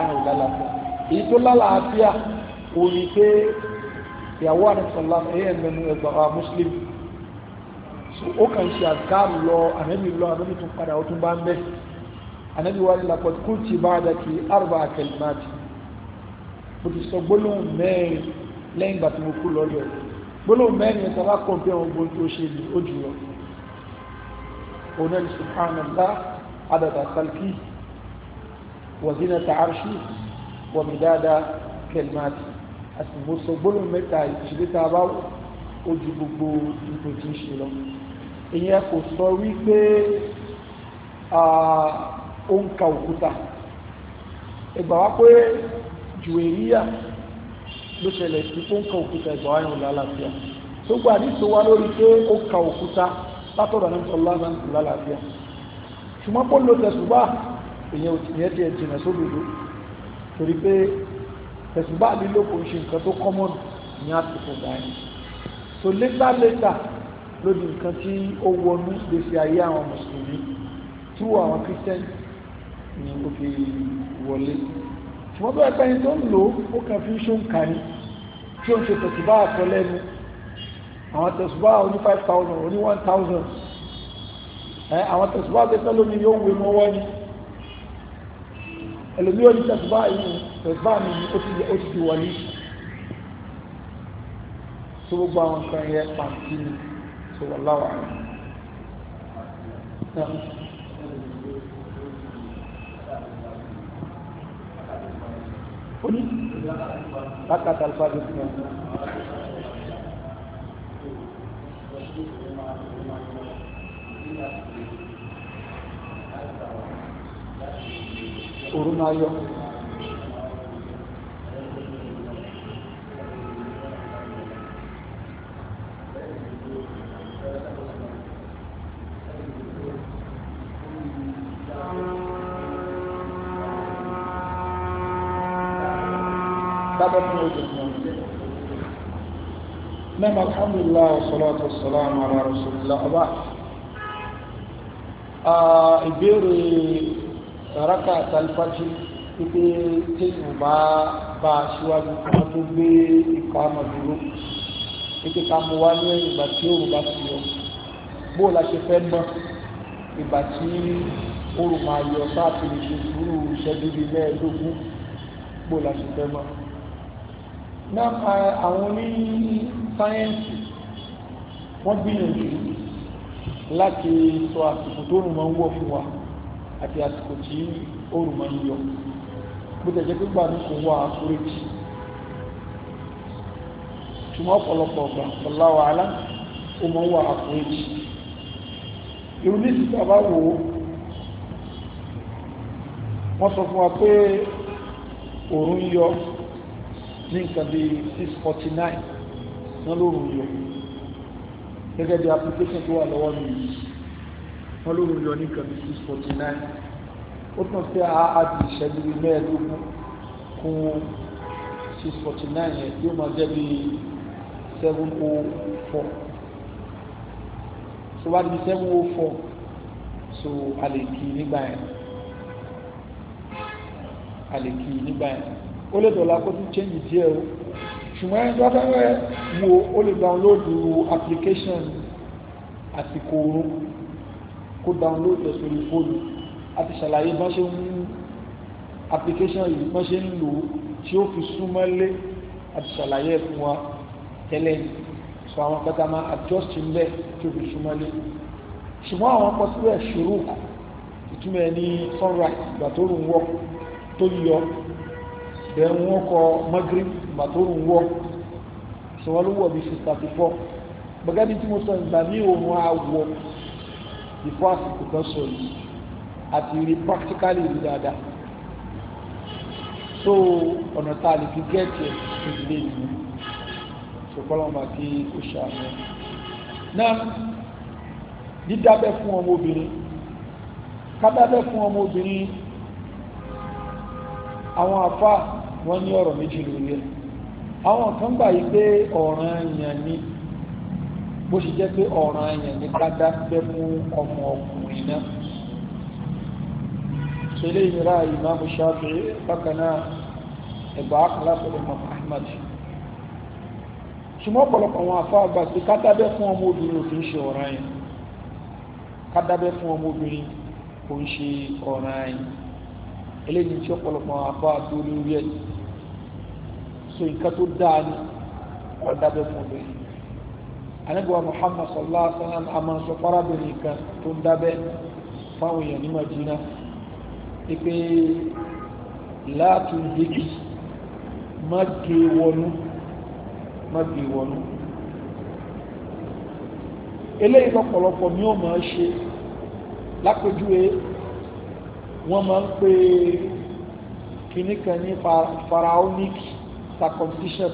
wá yẹn ò ó ní pé ìyàwó àdìsọ́lá ẹ̀yẹ mẹ́nu ẹgbàá muslim ó kàn ṣe àgáàrù lọ ànábì lọ ànábì tún padà ó tún bá ń bẹ́ ànábì wà lápọ̀ kú ti bá dà kí arba kẹlìmáàtì mo ti sọ gbólóhùn mẹ́rin lẹ́yìn ìgbà tí mo kú lọ́dọ̀ gbólóhùn mẹ́rin ẹ̀ta bá kọ̀ bí àwọn tó ṣe ní ojú lọ onan subhanallah adada khalqi wa arshi wa midada kẹlìmáàtì àtìmọ́sọ gbólóhùn mẹ́ta ìṣèlétà bá ojú gbogbo ipò tí ń ṣe lọ ìyẹn kò sọ wípé ó ń ka òkúta ìgbà wá pé jùwèríyà ló ṣẹlẹ̀ sí ó ń ka òkúta ìgbà wáyé òun lálàáfíà tó gbà ní tó wá lórí pé ó ka òkúta látọ̀dọ̀ ní sọlá náà lálàáfíà ṣùgbọ́n kó lo tẹ̀sùbá ìyẹn ti ẹ̀ jìnà sódodo torí pé tẹ̀sùbá lílo kò ń ṣe nǹkan tó kọ́mọ̀nù ní àtìkù báyìí so later later ló di nǹkan tí ó wọnú gbèsè ayé àwọn mùsùlùmí tú àwọn christian ní òkè wọlé ṣùgbọ́n tó ẹ̀ka ẹni tó ń lò ó kàn fi ń ṣó ń kà ní tí ó ń ṣe tẹ̀sùbá àkọ́ lẹ́nu àwọn tẹ̀sùbá oní five thousand oní one thousand àwọn tẹ̀sùbá tẹ́tẹ́ lómi yóò wé mọ́wọ́ ni ẹlòmíràn ní tẹ̀sùbá yìí ẹ̀gbọ́n mi ni ó ti di wọlé tó gbogbo àwọn nǹkan yẹn pàǹtí ni tó wà láwà oní lákàtà alifábẹ́ fún ẹ. Orun ayọ̀. Nam alhamdulillah wassalatu wassalamu ala rasulillah ọba. Ìbéèrè Sàrákà Tàlifájì pípé tí ìwà bá aṣíwájú kí wọ́n tó gbé ikọ̀ àmọ̀ dúró. Pípé ká mú wá ní ìgbà tí òru bá ti yọ. Bó la ṣe fẹ́ mọ̀ ìgbà tí òru máa yọ sáà fi lè ṣe sùúrù ṣẹ́jú mẹ́ẹ̀ẹ́dógún. Bó la ṣe fẹ́ mọ̀ náà àwọn oní sáyẹ́ǹsì wọ́n gbìyànjú láti sọ àsìkò tó rùn máa ń wọ̀ fún wa àti àsìkò tí ó rùn máa ń yọ bó tẹ̀jẹ́ pípa ní kò wá àkúrẹ́tì ṣùgbọ́n ọ̀pọ̀lọpọ̀ ọ̀gbà ọ̀láwà alá ó máa ń wà àkúrẹ́tì irú ní ìsìta bá wò ó wọ́n sọ fún wa pé òòrùn yọ ní nǹkan bí six forty nine wọ́n lóòrùn yọ gẹ́gẹ́ bí application tó wà lọ́wọ́ mi yìí wọ́n lóòrùn yọ nǹkan bí six forty nine ó tàn pé a di ìṣẹ́jú bíi mẹ́ẹ̀ẹ́dógún kún six forty nine yẹn yóò máa jẹ́ bíi seven oh four so wá di seven oh four so a lè kì í nígbà yẹn a lè kì í nígbà yẹn ó lè dọ̀la kó tún change díẹ̀ o ṣùgbọ́n ẹni tó fẹ́rẹ́ wo ó lè download application àsìkò oorun kó download ẹ̀ sórí fóònù àti ṣàlàyé bá ṣe ń application yìí bá ṣe ń lò ó tí ó fi súnmọ́ lé àti ṣàlàyé fún wa tẹ́lẹ̀ sọ àwọn kẹta máa adjust ń bẹ́ tí ó fi súnmọ́ lé ṣùgbọ́n àwọn kan síbẹ̀ ṣòro ìtumọ̀ ẹ̀ ní sunrise ìgbà tó rùn wọ̀ tó yọ then wọ́n kọ magrib màtóru wọ́ sọ wọ́n ló wọ̀ bí six thirty four gbẹ̀gẹ́ bí tí mo sọ ìgbà ní òun àwọ̀ ìfọ́ àsìkò kan sọ yìí àti rí practically rí dáadáa so ọ̀nà tá a lè fi gẹ́ẹ̀tì ẹ̀ ìdílé yìí sọ̀kọ́lọ́mà kí ó ṣàmì náà dídábẹ́ fún ọmọ obìnrin kábábẹ́ fún ọmọ obìnrin àwọn àfáà wọ́n ní ọ̀rọ̀ méjì lórí ẹ̀ àwọn kan gbà yí pé ọ̀ràn èèyàn ni bó ṣe jẹ́ pé ọ̀ràn èèyàn ni ká dábẹ́ mú ọmọ ọkùnrin náà ṣẹlẹ̀ ìnira ìmáàmù Ṣáfi'í bákan náà ẹ̀bà akọ̀lápẹ̀lẹ̀ mọ̀ Ahmad ṣùgbọ́n ọ̀pọ̀lọpọ̀ àwọn afá àgbà pé ká dábẹ́ fún ọmọ obìnrin ò kì í ṣe ọ̀ràn yẹn ká dábẹ́ fún ọmọ obìnrin kò ń ṣe ọ̀ràn yẹn eléyìí tí ọ̀pọ̀lọpọ̀ àwọn afá àgbà lórí ẹ̀yìn so nǹkan tó dáa ni wọ́n dábẹ́ fún mi anabiwa muhammad sallallahu alaihi wa sallam amanso farabìnrin kan tó ń dábẹ́ fáwọn èèyàn ní madina ipe látún dìkì má gé wọnú má gé wọnú eléyìí lọ́pọ̀lọpọ̀ ni ó máa ṣe lápèjúwe wọ́n máa ń pè kíníkan ní faraonic fara circumcision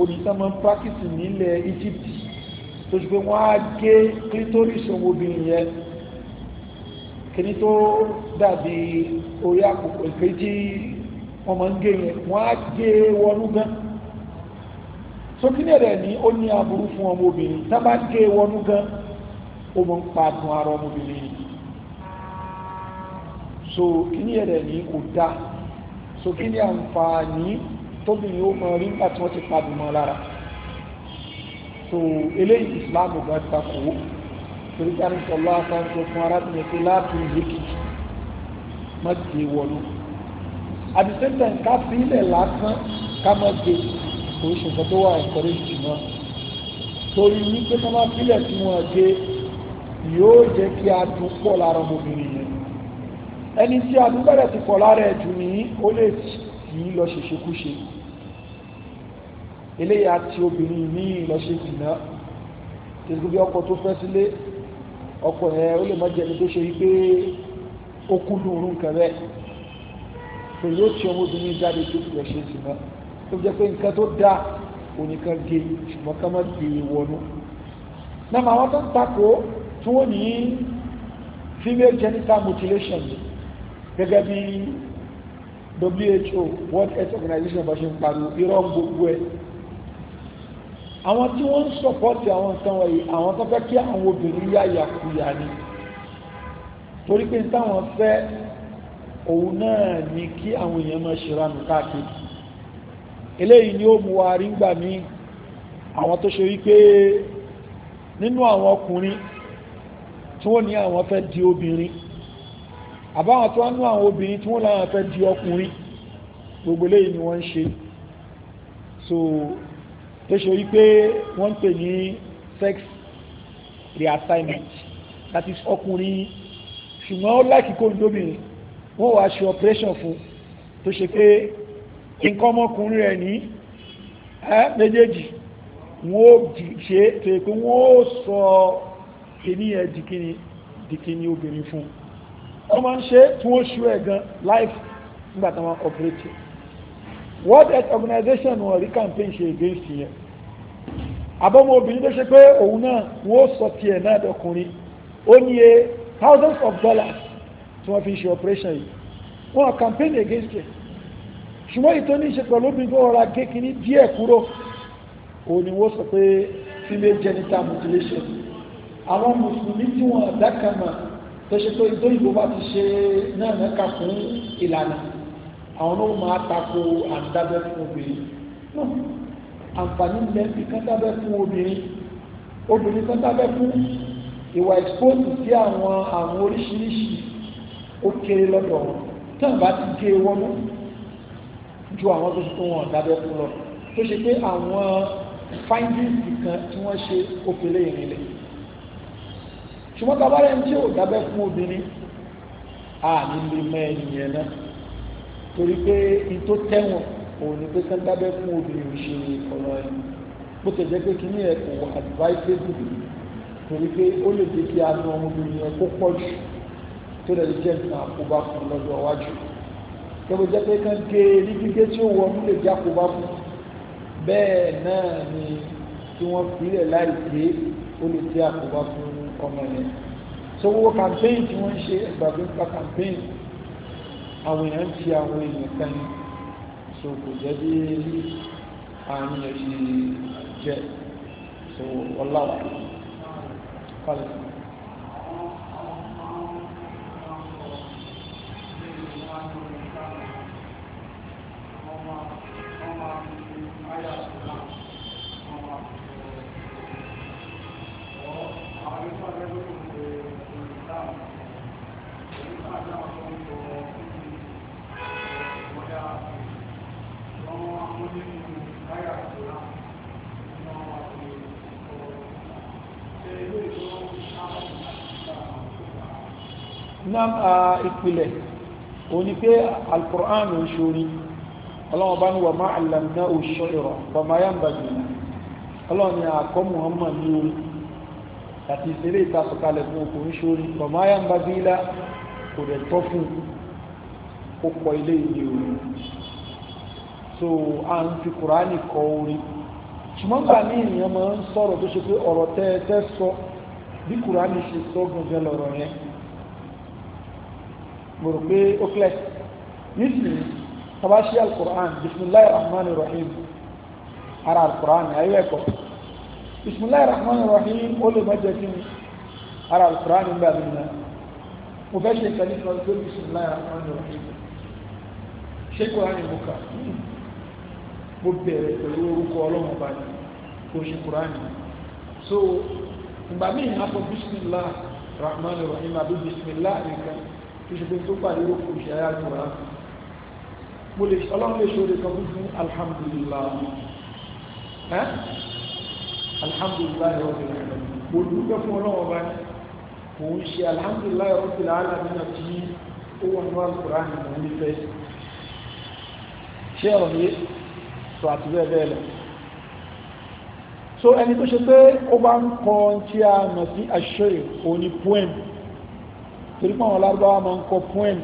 onítàmọ́ practice nílẹ̀ Egypt tó ṣe pé wọ́n á gé clitoris obìnrin yẹn kíní tó dàbí orí àpòpọ̀ ìkejì wọ́n máa ń gé yẹn wọ́n á gé wọnú gan sókínì rẹ̀ ní ó ní aburú fún ọmọ obìnrin tá bá gé wọnú gan ó máa ń pa dùn ara ọmọ yìí so kíní rẹ̀ ní kò dáa so kí ni tóbìnrin ó mọ rí nígbà tí wọ́n ti padì mọ́ lára so eléyìí islam bá takò ó torí ká ní sọlá sáńtó fún arábìnrin pé láti yékì má ti wọlú àdìsẹ́ńtà ká fi ilẹ̀ lásán ká má gbé oríṣi nǹkan tó wà encourage jù náà torí wípé tó má fi ilẹ̀ tí wọ́n gbé yóò jẹ́ kí adùn pọ̀ lára ọmọbìnrin yẹn ẹni tí adùn bẹ̀rẹ̀ ti pọ̀ lára ẹ̀ jù ní ó lè tì tì í lọ ṣèṣekúṣe eléyìí àti obìnrin míì lọ ṣe dìná tẹsí bí ọkọ tó fẹ́ sílé ọkọ yẹn ó lè má jẹ ẹni tó ṣe wípé ó kú lóorú nǹkan bẹ́ẹ̀ pé yóò ti ọmọbìnrin jáde tó fi lọ ṣe dìná tó jẹ́ pé nǹkan tó dáa oníkan gé ṣùgbọ́n ká má gbé e wọnú náà àwọn tó ń takò tí wọ́n ní female genital mutilation gẹ́gẹ́ bí WHO World Health Organization bá ṣe ń pariwo irọ́ gbogbo ẹ̀ àwọn tí wọ́n ń sọ̀pọ́tì àwọn nǹkan wọ̀nyí àwọn tó fẹ́ kí àwọn obìnrin yá yàkuyà ni torí pé táwọn fẹ́ òun náà ni kí àwọn èèyàn máa ṣe ránù káàkiri eléyìí ni ó mú wa rí gbà mí àwọn tó ṣe wípé nínú àwọn ọkùnrin tí wọ́n ní àwọn fẹ́ di obìnrin àbáwọn tó ń nú àwọn obìnrin tí wọ́n láwọn fẹ́ di ọkùnrin gbogbo lẹ́yìn ni wọ́n ń ṣe so tó ṣe rí pé wọ́n ń pè ní sex reassignment that is ọkùnrin ṣùgbọ́n ó láìkí kó lóbìnrin wọ́n wá ṣe operation fún tó ṣe pé nǹkan ọmọkùnrin rẹ̀ ní méjèèjì wọ́n ṣe tó yẹ pé wọ́n sọ kìíní ẹ̀ dìkìíní obìnrin fún un wọ́n máa ń ṣe tí wọ́n ẹ̀ gan life nígbà tí wọ́n operate World Health Organization wọn rí campaign ṣe against yẹn àbọ̀mọ obìnrin tó ṣe pé òun náà wọ́n sọ tiẹ̀ náà dọkùnrin ó ní e thousands of dollars tí wọ́n fi ṣe operation yìí wọ́n campaign against it ṣùgbọ́n ètò ní ṣe pẹ̀lú obìnrin tó rọra gé kínní díẹ̀ kúrò òun ni wọ́n sọ pé female genital mutilation àwọn mùsùlùmí tí wọ́n àdákàmà tó ṣe pé tó ìbò bá ti ṣe náà mẹ́ka fún ìlànà àwọn náà máa tako àdábẹ́ fún obìnrin náà àǹfààní lẹ́bí kan dábẹ́ fún obìnrin obìnrin kan dábẹ́ fún ìwà expose sí àwọn àwọn oríṣiríṣi ó kéré lọ́dọ̀ wọn tán bá ti gé wọnú ju àwọn tó ṣe pé wọn dábẹ́ fún lọ tó ṣe pé àwọn findings kan tí wọ́n ṣe ó fẹ́lẹ́ ìrìnlẹ̀ ṣùgbọ́n tá a bá rẹ̀ ń tí ò dábẹ́ fún obìnrin a ní lè mọ ẹnìyẹn náà torí pé n tó òun ni pé kán dábẹ́ fún obìnrin ṣe ọ̀rọ̀ ẹ̀ bó tẹ̀jẹ́ pé kí ní ẹ̀kọ́ advisable torí pé ó lè jẹ́ kí a nu ọmọbìnrin yẹn kó pọ̀ jù tó lè jẹ́ nǹkan àkóbá fún lọ́jọ́ iwájú tẹ́gbẹ́ jẹ́ pé kán gé ní gígé tí ó wọ ọmú lè jẹ́ àkóbá fún bẹ́ẹ̀ náà ni tí wọ́n fi ilẹ̀ láì gbé ó lè jẹ́ àkóbá fún ọmọ yẹn so gbogbo campaign tí wọ́n ń ṣe ẹgbàgbé nípa campaign àwọn èèyàn ti àwọn èèyàn kan so kò jẹ́ bí àárín ẹ̀ ṣe jẹ́ so ọláwà kọ́lẹ̀. islam ìpìlẹ̀ òun ni pé alukur'an ló ń ṣorí ọlọ́wọ́n bá ní wà má àlàmìnà òṣìṣọ́ ìrọ̀ bàmá yá ń bàjẹ́ náà ọlọ́wọ́n ni àkọ́ muhammad ní orí àti ìṣeré ìtasọ̀kalẹ̀ fún ọkùnrin ṣorí bàmá yá ń bàjẹ́ ilá kò dẹ̀ tọ́ fún kó pọ̀ ilé ìdí orí so a ń fi kùránì kọ orí ṣùgbọ́n gbà ní ènìyàn máa ń sọ̀rọ̀ tó ṣe pé ọ̀rọ̀ tẹ́ẹ̀tẹ́ sọ bí kùránì ṣe sọ gbọ̀ngàn lọ̀rọ̀ yẹn mo rò pé ó clear nísìnyí tàbá ṣí alukur'an bisimilayi rahman rahim ara alukur'an ayé ẹ̀kọ́ bisimilayi rahman rahim ó lè má jẹ́ kí ni ara alukur'an ń bá mi nà mo fẹ́ ṣe nǹkan nípa ọdún bisimilayi rahman rahim ṣé kuran ni mo kà hmm. mo bẹ̀rẹ̀ pẹ̀lú orúkọ ọlọ́run ọba so ìgbà míì máa fọ bisimilayi rahim àbí bisimilayi nìkan ìṣògbé tó pàdé ó kù ṣe ayájú wa mo lè ọlọ́run lè fún fún alhamdulillah ẹ́ alhamdulillah ẹ̀rọ ìrìn àjò mo alhamdulillah ẹ̀rọ ìrìn àjò náà tí ó wà ní ni mò so ẹni tó ṣe pé ó bá ń kọ tí a mọ̀ sí àṣẹ òní poem torí pé àwọn lárúbáwá máa ń kọ poem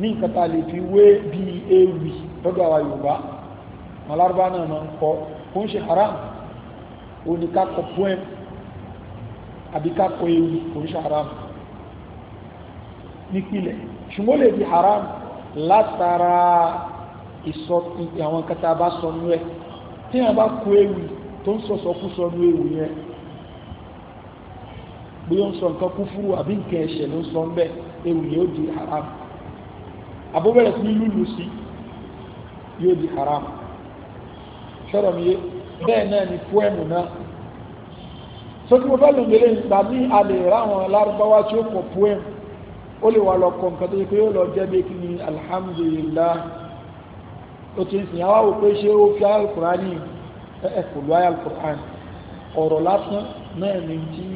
ní nǹkan tá a lè fi wé bí ewì lọ́dọ̀ àwa yorùbá àwọn lárúbáwá náà máa ń kọ kò ń ṣe haram ó ní ká kọ poem àbí ká ewì kò ń ṣe haram nípìnlẹ̀ ṣùgbọ́n lè di haram látara ìsọ àwọn kẹta bá sọ nú ẹ tí wọn bá kọ ewì tó ń sọsọ kú sọ nú ewì yẹn bí ó ń sọ nǹkan kúfúrú àbí nǹkan ẹ̀ṣẹ̀ ló ń sọ ń bẹ́ ewu yóò di haram àbúbẹ̀rẹ̀ sí lùlù sí yóò di haram ṣọ́rọ̀ mi yé bẹ́ẹ̀ náà ni fúẹ́mù náà sókè mo fẹ́ lò mẹ́lẹ́ nígbà ní a lè ráwọn lárúbáwá tí ó kọ̀ fúẹ́mù ó lè wà lọ kọ̀ nǹkan tó yẹ pé yóò lọ jẹ́ bí kí ni alhamdulillah ó ti ń sìn àwọn àwòkọ́ ṣe ó fi alukurani ẹ̀ kò ayé alukurani ọ̀rọ̀ lásán náà ni tí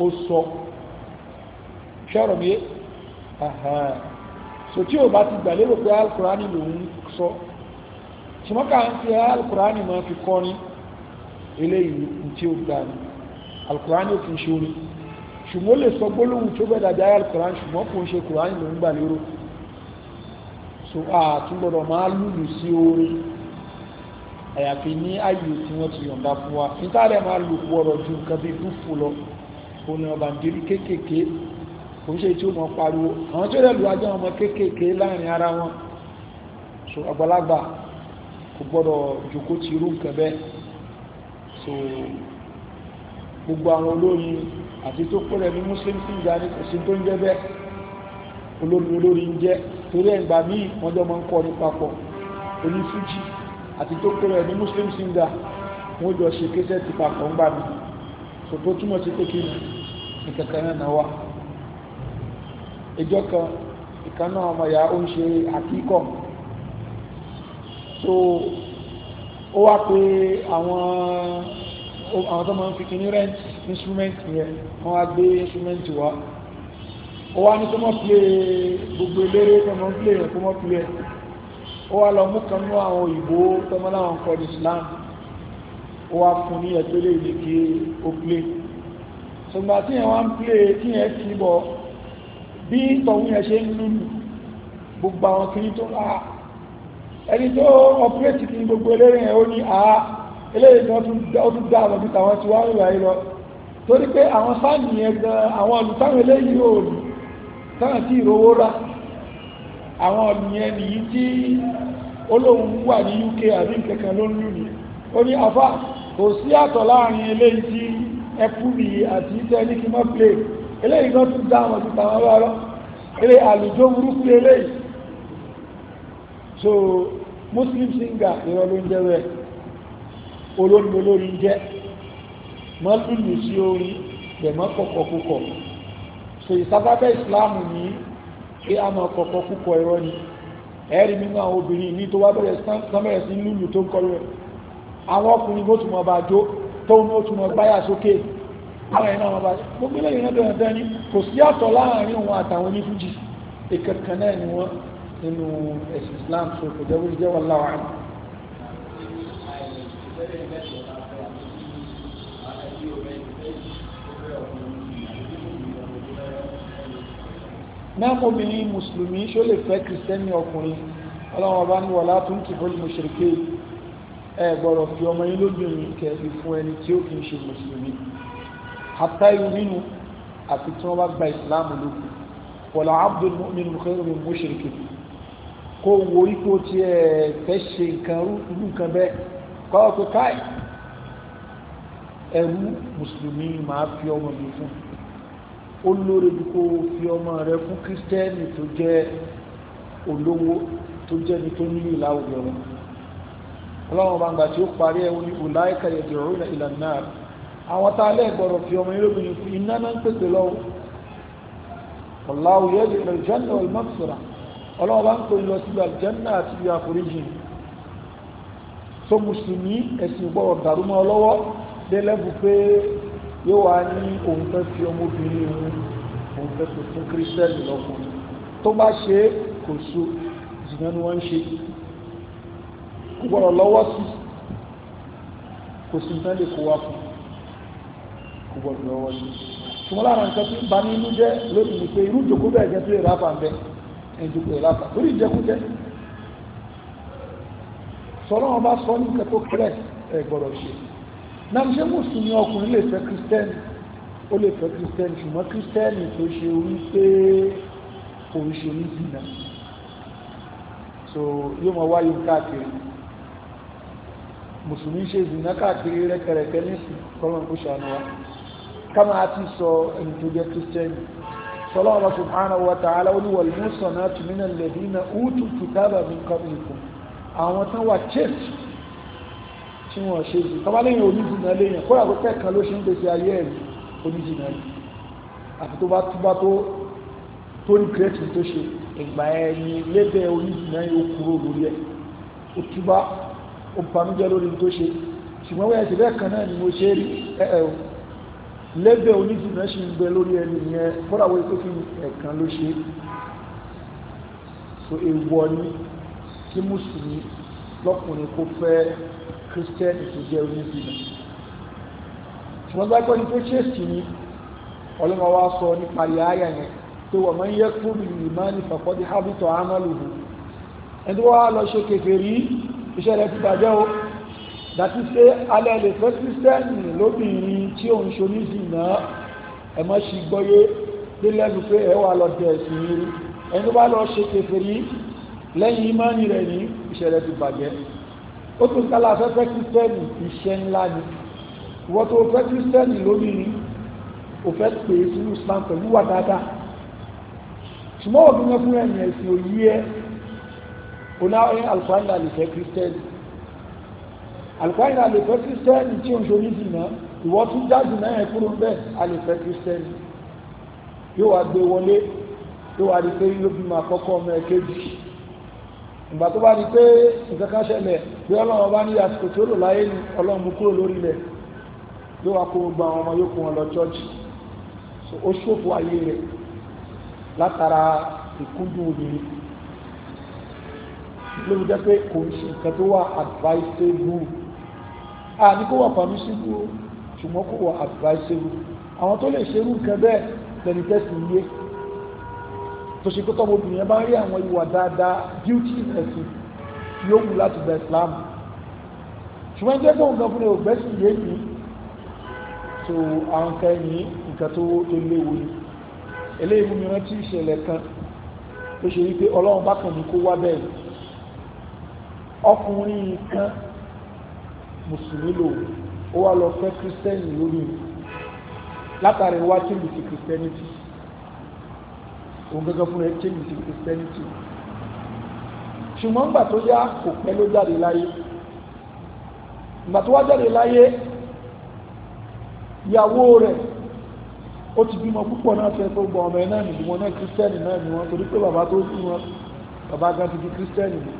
ó sọ ṣọ́rọ̀ mi so tí o bá ti gbà lérò pé alukurani lòun sọ ṣùgbọ́n ń fi alukurani máa fi kọ́ ni eléyìí tí ó gbà ní alukurani ò kì í ṣe orin ṣùgbọ́n ó lè sọ gbólóhùn tó bẹ́ẹ̀ dàbí ayé alukurani ṣùgbọ́n kò ń ṣe kurani lòun gbà lérò so àtúgbọ́dọ̀ máa lùlù sí orin àyàfi ní ayò tí wọ́n ti yọ̀ǹda fún wa níta máa lù wọ̀rọ̀ ju nǹkan bíi dúfù lọ òun ni ọba ìdírí kéékèèké kò ń ṣe tí ó mọ pariwo àwọn tí ó rẹ̀ lù ọmọ kéékèèké láàrin ara wọn so àgbàlagbà kò gbọ́dọ̀ jòkó ti irú nǹkan bẹ́ẹ̀ so gbogbo àwọn olórin àti tó pẹ́rẹ́ ní muslim sí ìjà ní kò sí tó ń jẹ́ bẹ́ẹ̀ olórin olórin ń jẹ́ torí ẹ̀ǹgbà míì wọ́n jọ máa ń kọ́ ní papọ̀ onífújì àti tó pẹ́rẹ́ ní muslim singer wọ́n jọ ṣe kéṣẹ́ ti papọ̀ ń gbà mí so tó túmọ̀ sí pé kí ni ìkẹ̀kẹ̀ náà wà ìjọ kan ìkan ọmọ ìyá ó ń ṣe àkíkọ̀ so ó wá pé àwọn àwọn tó máa ń fi kí rent instrument yẹn wọ́n á gbé instrument wá ó wá ní tó mọ́ pílé gbogbo eléré tó mọ́ pílé yẹn tó mọ́ pílé ó wá lọ mú kan ní àwọn òyìnbó tó mọ́ láwọn kọ́ ní Islam ó wá fún ní ẹ̀tọ́ lè ní kí ó plé ṣùgbà tí ẹ̀ wá ń plé kí ẹ̀ kí bọ̀ bí tọ̀hún ẹ̀ ṣe ń lùlù gbogbo àwọn kìí tó láà ẹni tó ọpúrẹ́tì kí gbogbo eléyìn ẹ̀ ó ní àá eléyìn tó tún dá àwọn bíta wọn ti tí ìrówó wà ní UK àbí nǹkankan ló ní ó kò sí àtọ̀ láàrin eléyìí tí ẹkùnrin àti ìtẹ́ ní kí mọ́ plé eléyìí kan tún dáhùn sí tàwọn bá lọ àlùjọ burúkú eléyìí so muslim singer ìrọ̀ ló ń jẹ́ rẹ̀ olóńgbò lórí ń jẹ́ mọ́ lùlù sí orin dẹ̀mọ́ kọ̀kọ̀kọ̀kọ̀ so ìsáfáfẹ́ ìsìláàmù ní pé a mọ̀ kọ̀kọ̀kọ̀kọ̀ ìrọ̀ ni ẹ̀rí nínú àwọn obìnrin ní tó wá bẹ̀rẹ̀ sí lùlù tó ń kọ́ rẹ̀ àwọn ọkùnrin bó túnmọ̀ bá jó tóun ó túnmọ̀ gbáyà sókè àwọn ẹ̀nà wọn bá gbogbo ilé ìrìnà tó yàtọ̀ ní kò sí àtọ̀ láàrin òun àtàwọn onífújì ìkẹ̀kẹ̀ náà ni wọ́n nínú ẹ̀sìn Islam tó kò jẹ́ wọ́n jẹ́ wọn láwọn àmì. mẹ́mú obìnrin mùsùlùmí ṣó lè fẹ́ kìrìsìtẹ́nì ọkùnrin ọlọ́run ọba ní wàlá tó ń kìfọ́ ìmùsùlùmí ẹ gbọ́dọ̀ fi ọmọ yín lóbìnrin kẹfì fún ẹni tí ó kì í ṣe mùsùlùmí hatta yuminu àti tí wọ́n bá gba ìsìláàmù lókun wala abdul mu'minu khairu min mushriki kó wo ipò tí ẹ fẹ́ ṣe nǹkan rú nǹkan bẹ́ẹ̀ kọ́ ọ pé káì ẹrú mùsùlùmí máa fi ọmọ mi fún ó lóore bí kò fi ọmọ rẹ fún kírísítẹ́nì tó jẹ́ olówó tó jẹ́ ni tó nílò láwùjọ wọn ọlọ́run bá ń gbà tí ó parí ẹ̀ wọ́n ní ulaika yad'una ila an-nar àwọn tá a lẹ́ gbọ́dọ̀ fi ọmọ yìí lóbìnrin fún iná náà ń pèsè lọ́wọ́ wallahu yad'u ila al-janna ọlọ́run bá ń pè lọ síbi al àti ibi àforíjì tó mùsùlùmí ẹ̀sìn gbọ́dọ̀ dàrú mọ́ ọlọ́wọ́ délẹ́bù pé yóò wá ní òun fẹ́ fi ọmọbìnrin òun fẹ́ gbọ́dọ̀ lọ́wọ́ sí kò sí nǹkan lè kó wá fún kò gbọ́dọ̀ lọ́wọ́ sí ṣùgbọ́n lára nǹkan tó ń ba nínú jẹ́ lórí ni pé irú ìjòkó bẹ́ẹ̀ jẹ́ tó lè ráfà ń bẹ ẹ̀ ìjòkó lè ráfà lórí ìjẹkújẹ sọ̀rọ̀ wọn bá sọ ní nǹkan tó kẹrẹ ẹ̀ gbọ́dọ̀ ṣe náà ṣé mùsùlùmí ọkùnrin lè fẹ́ kírísítẹ́nì ó lè fẹ́ kírísítẹ́nì ṣùgbọ́n kírísítẹ́nì tó ṣe orí pé kò ń ṣe onídìí náà so yóò mọ wáyé káàkiri mùsùlùmí ṣe zìnà káàkiri rẹ́kẹrẹkẹ nísìn kọ́lọ́n kó ṣàánú wa ká máa ti sọ ẹni tó jẹ́ kírísítẹ́nì sọlọ́n ọba subhanahu wa ta'ala ó ní wal muhsanatu minal ladina utul kitaba min qablikum àwọn tán wà chase tí wọ́n ṣe zì tọ́ba lẹ́yìn oníjìnà lẹ́yìn kó àgọ́ kẹ́kàn ló ṣe ń gbèsè ayé ẹ̀rí oníjìnà yìí àti tó bá túbá tó tó ní kírẹ́tì tó ṣe ìgbà ẹni lébẹ̀ oníjìnà yìí ó kúrò lórí ẹ̀ ó banújẹ́ lórí tó ṣe ṣùgbọ́n wẹ́ẹ̀ ti bẹ́ẹ̀ kan náà ni mo ṣe rí ẹ̀ẹ́ o lẹ́bẹ̀ẹ́ oníjìnà ń bẹ lórí ẹni yẹn fọ́dàwọ́ ikú fi ẹ̀kan ló ṣe so ewu ọní tí mùsùlùmí lọ́kùnrin kó fẹ́ kírísítẹ́nì tó jẹ́ oníjìnà ṣùgbọ́n bá gbọ́ ni tó ṣe sí ni ọlọ́mọ wa sọ nípa ìyá àyà yẹn pé wọ́n máa ń yẹ kúrò ní ìmọ̀ nípa fọ́dí iṣẹ́ rẹ̀ ti bàjẹ́ o dàtí pé alẹ́ lè fẹ́ kírísítẹ́nì lóbìnrin tí òun ṣoníṣì náà ẹ̀mọ́ sì gbọ́yé dé lẹ́nu pé ẹ wà lọ dẹ̀ sí i rí ẹni tó bá lọ ṣe kèfèrí lẹ́yìn ìmánì rẹ̀ ní iṣẹ́ rẹ̀ ti bàjẹ́ ó tún kálá fẹ́ fẹ́ kírísítẹ́nì iṣẹ́ ńlá ni ìwọ́n tó fẹ́ kírísítẹ́nì lóbìnrin ò fẹ́ pè é sínú islam pẹ̀lú wà onáwọ́yẹ́ alùpàá ìlà lùfẹ́ kírísítẹ́nì alùpàá ìlà lùfẹ́ kírísítẹ́nì tí òun ṣorí dìnà ìwọ tún jáde náà ẹ̀ kúrò bẹ́ẹ̀ alùfẹ́ kírísítẹ́nì yóò wá gbé wọlé yóò wá di pé yóò bímọ àkọ́kọ́ ọmọ ẹ̀kejì ìgbà tó bá di pé nǹkan kan ṣẹlẹ̀ bí ọlọ́run bá ní àsìkò tí lò láyé ni ọlọ́run mú kúrò lórí rẹ̀ yóò wá kó gba àwọn ọmọ yóò kó wọn lọ chọ́ọ̀chì ó ṣòfò ayé rẹ̀ látara ìkúndùn obìnrin ló fi jẹ́ pé kò ń ṣe nǹkan tó wà advisable a ní kó wà permissible ṣùgbọ́n kó wà advisable àwọn tó lè ṣerú nǹkan bẹ́ẹ̀ lẹ́ni tẹ́sí yé tó ṣe kó tọ́mọ obìnrin bá ń rí àwọn ìwà dáadáa beauty ẹ̀sìn yóò wù láti gba Islam ṣùgbọ́n jẹ́ kóhùn kan fún ẹ̀ ògbẹ́sì yé mi so àwọn kan ní nǹkan tó léwu ni eléyìí mú mi rántí ìṣẹ̀lẹ̀ kan tó ṣe wípé Ọlọ́run bákan ní kó wá bẹ́ẹ̀ ọkùnrin kan mùsùlùmí lò ó wá lọ fẹ́ kírísítẹ́nì lórí mi látàrí wá change sí christianity òun gẹ́gẹ́ fún ẹ change sí christianity ṣùgbọ́n gbà tó yá kò pẹ́ ló jáde láyé gbà tó wá jáde láyé ìyàwó rẹ̀ ó ti bímọ púpọ̀ náà fẹ́ tó gbọ́ ọmọ ẹ náà nìyí náà kírísítẹ́nì náà ni torí pé bàbá tó bí wọn bàbá gan ti di kírísítẹ́nì nìyí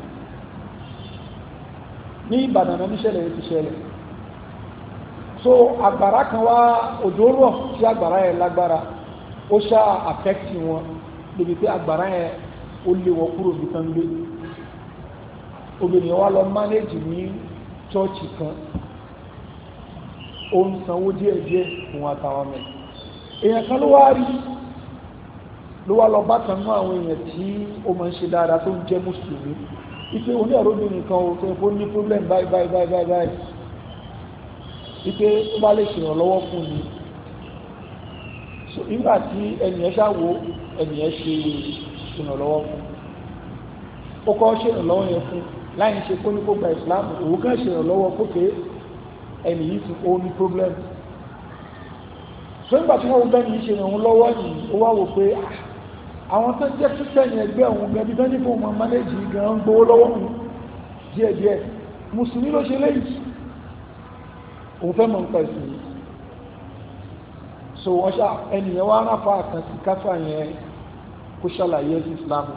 ní ìbàdàn náà níṣẹ̀lẹ̀ yẹn ti ṣẹlẹ̀ so àgbàrá kan wá òjò rọ̀ sí àgbàrá yẹn lágbára ó ṣá àfẹ́kì wọn débi pé àgbàrá yẹn ó lé wọn kúrò bí kan gbé obìnrin wa lọ mánéjì ní chọ́ọ̀chì kan ó ń sanwó díẹ̀ díẹ̀ fún àtàwọn mẹ́ èèyàn kan ló wá rí ló wá lọ bá kan náà àwọn èèyàn tí ó máa ń ṣe dáadáa tó ń jẹ́ mùsùlùmí ipe oní ẹ̀rọ mi nìkan o tó epo ní problem báyìí báyìí báyìí báyìí báyìí ipe ó bá lè ṣèrànlọ́wọ́ fún mi so nígbà tí ẹnìyẹn ṣàwo ẹnìyẹn ṣe ṣèrànlọ́wọ́ fún ó kọ́ ṣèrànlọ́wọ́ yẹn fún láì ṣe kó ní kó gba Islam òun kàn ṣèrànlọ́wọ́ kókè ẹnì yìí ti ó ní problem so nígbà tí wọ́n bẹ́ẹ̀ ní ṣèrànlọ́wọ́ yìí ó wá wò pé ah àwọn tó jẹ́ kírísítẹ́nì ẹgbẹ́ òun gẹ̀ẹ́bí tó ní fún ọmọ manéjì gan ń gbówó lọ́wọ́ òun díẹ̀díẹ̀ mùsùlùmí ló ṣe léyìí òun fẹ́ mọ̀ ń pẹ̀sì so wọ́n ṣá ẹnìyàn wá ráfà kan sí káfà yẹn kó ṣàlàyé sí ìsìláàmù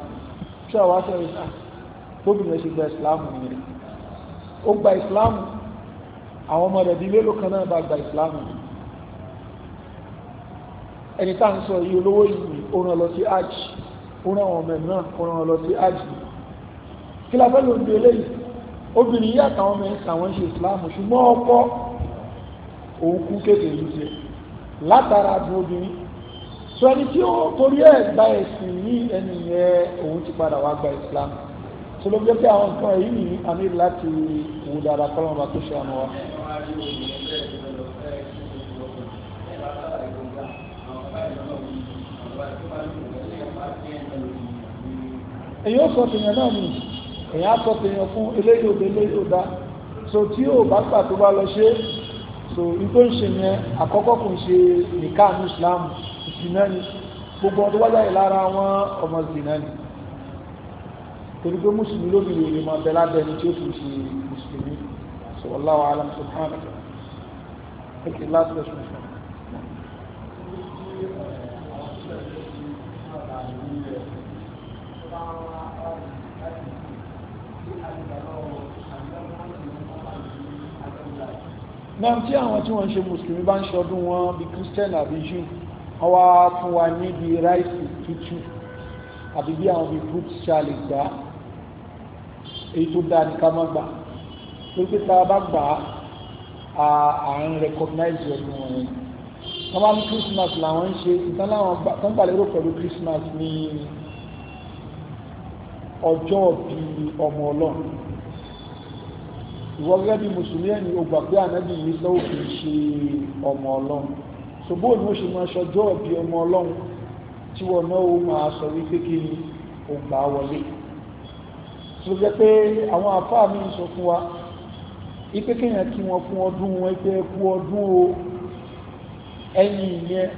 ṣé àwọn aṣọ́rin náà gómìnà ṣe gba ìsìláàmù yẹn ó gba ìsìláàmù àwọn ọmọ rẹ̀ bíi mélòó kan náà bá gba ìsìláàmù yẹn ẹni tá ń sọ yìí olówó yìí ó rán lọ sí hajj ó rán ọmọ ẹ̀ náà ó rán lọ sí hajj kí la fẹ́ ló ń di eléyìí obìnrin yìí àtàwọn ọmọ ẹ̀ sàwọn ṣe ìsìláàmù ṣùgbọ́n ọkọ òun kú kéde ìlú jẹ látara àdúró obìnrin sọ ẹni tí ó torí ẹ̀ gba ẹ̀sìn ní ẹni yẹn òun ti padà wá gba ìsìláàmù tó ló jẹ́ pé àwọn nǹkan yìí ní àmì láti wù dáadáa kọ́lọ́mọba tó ṣe àmọ́ wa. èyí ó sọ tèèyàn náà nù èyí á sọ tèèyàn fún eléyìí òde eléyìí òda so tí yóò bá gbà tó bá lọ ṣe so n tó ń ṣe yẹn àkọ́kọ́ kò ń ṣe nìkan ní Islam ìsìnà ni gbogbo ọdún wájà yìí lára wọn ọmọ ìsìnà ni torí pé mùsùlùmí ló fi lè máa bẹ lábẹ́ ẹni tí ó fi ṣe mùsùlùmí so wallahu alam subhanahu wa ta'ala náà tí àwọn tí wọ́n ń ṣe mùsùlùmí bá ń ṣọdún wọn bí christian àbí jù wọ́n wá fún wa níbi ráìsì tútù àbí bí àwọn bí fruit salad gbà èyí tó dáa ní ká má gbà pé tá a bá gbà á à ń recognize ọdún wọn yẹn wọ́n bá ní christmas làwọn ń ṣe ìtàn láwọn tó ń gbàlérò pẹ̀lú christmas ní ọjọ́ bí ọmọ ọlọ́run ìwọ gẹ́gẹ́ bí mùsùlùmí ẹni o gbà pé ànábì yìí sọ́wọ́ kì í ṣe ọmọ ọlọ́run ṣùgbọ́n ni ó ṣe máa ṣọjọ́ bí ọmọ ọlọ́run tí wọn náà ó máa sọ wípé kí ni ó gbà wọlé tó jẹ́ pé àwọn àfáà mi sọ fún wa ipe kéèyàn kí wọn fún ọdún wọn pé kú ọdún o ẹ̀yìn ìyẹn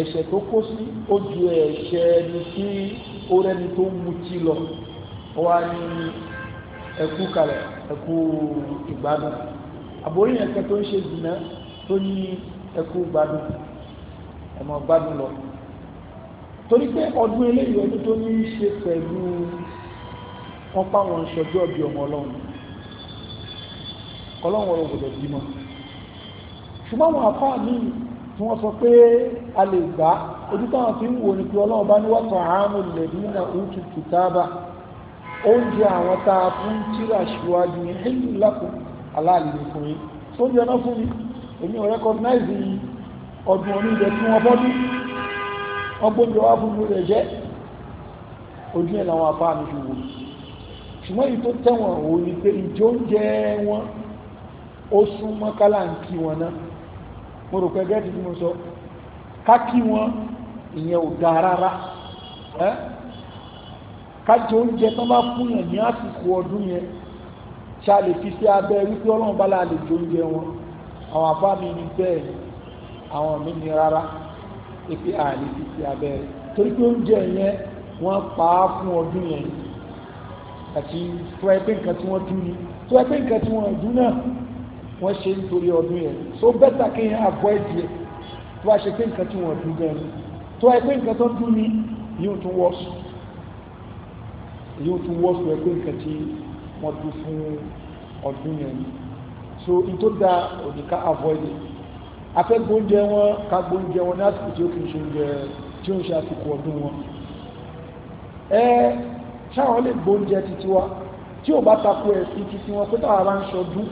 ẹ̀ṣẹ̀ tó kó sí ó ju ẹni tí ó rẹni tó mutí lọ wá ní ẹkú kalẹ̀ ẹkú ìgbádùn àbóyìn ẹ̀kẹ́ tó ń ṣe jìnnà tó ní ẹkú gbádùn ẹ̀mọ́ gbádùn lọ torí pé ọdún eléyìí ọdún tó ní í ṣe pẹ̀lú wọn pa wọn ṣọjọ́ ọbí ọmọ ọlọ́run ọlọ́run ọ̀rọ̀ gbọ́dọ̀ bímọ ṣùgbọ́n àwọn àfáà míì tí wọ́n sọ pé a lè gbà ojú táwọn fi ń wò ní pé ọlọ́run bá ní wọ́n tàn án lè ní ìlànà òtútù tábà oúnjẹ àwọn tá a fún tíra ṣíwájú ní ẹ̀lú lápò aláàlè fún yín oúnjẹ náà fún mi èmi ò rẹ́kọ̀dínáìsì ọdún oníjẹ tí wọ́n bọ́dún ọgbọ́njọ wá fún mi rẹ̀ jẹ́ ojú ẹ̀ làwọn afá mi fi wò ṣùgbọ́n èyí tó tẹ̀wọ̀n ò ní pé ìjọ oúnjẹ wọn ó súnmọ́ kálàǹkì wọn náà mo rò pé gẹ́gẹ́ tí mo sọ ká kí wọn ìyẹn ò dáa rárá ẹ́ kájọ oúnjẹ tó bá fún yàn ní àsìkò ọdún yẹn ṣá lè fi sí abẹ́ wípé ọlọ́run bá láà lè jẹ oúnjẹ wọn àwọn afá mi ní bẹ́ẹ̀ ni àwọn mi ní rárá pé a lè fi sí abẹ́ rẹ̀ torí pé oúnjẹ yẹn wọ́n pa á fún ọdún yẹn àti tó ẹ pé nǹkan tí wọ́n dún ni tó ẹ pé nǹkan tí wọ́n dún náà wọ́n ṣe nítorí ọdún yẹn so bẹ́tà kí yẹn avoid yẹ tó wá ṣe pé nǹkan tí wọ́n dún gan ni tó ẹ nǹkan tó dún ni yóò tún wọ́ sùn yóò tún wọ́ sọ ẹgbẹ́ nǹkan tí wọ́n dún fún ọdún yẹn so in tó da òníká avoid it afẹ́gbó oúnjẹ wọn ká gbóúnjẹ wọn ní àsìkò tí ó kì í ṣe oúnjẹ tí ó ń ṣe àsìkò ọdún wọn ẹ ṣáwọn lè gbóúnjẹ títí wa tí ò bá tako ẹ̀sìn títí wọn pé táwa bá ń ṣọdún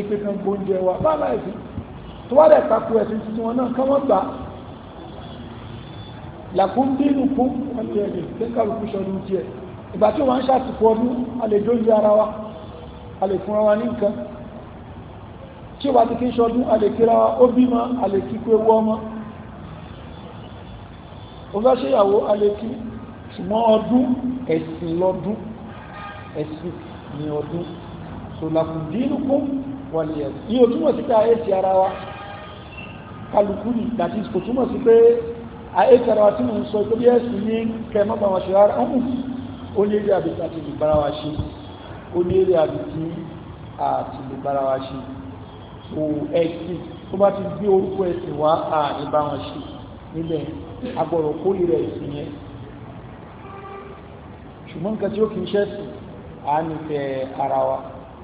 ìpè gbóúnjẹ wa bá láìsí tó wá dẹ̀ tako ẹ̀sìn títí wọn náà kán wọ́n gbà á làkún dínú kún wọ́n ti ẹ̀dẹ̀ lẹ́kàlùkù sọdún tiẹ̀ ìgbà tí wọ́n ń ṣàtìkú ọdún a lè dóúnjẹ ara wa a lè fún wa ní nǹkan tí wàá ti kí ṣọdún a lè kíra ó bímọ a lè kí pé wọ́ ọmọ ó fẹ́ ṣèyàwó a lè kí ṣùgbọ́n ọdún ẹ̀sìn lọ́dún ẹ̀sìn ní ọdún so làkún dínú kún wọ́n lè ẹ̀sìn ní òtúmọ̀ sí pé àìkàrà tí mo ń sọ tó bí ní kẹmọ́bà ṣe rárá ọ̀hún ó ní eré àbí àti ìbára wa ṣe ó ní eré àbí tí àti ìbára wa ṣe so ẹ̀sìn tó bá ti gbé orúkọ ẹ̀sìn wá àní bá wọn ṣe níbẹ̀ agbọ̀rọ̀ kórìíra ẹ̀sìn yẹn ṣùgbọ́n nǹkan tí ó kì í ṣẹ̀sìn à ń fẹ́ ara wa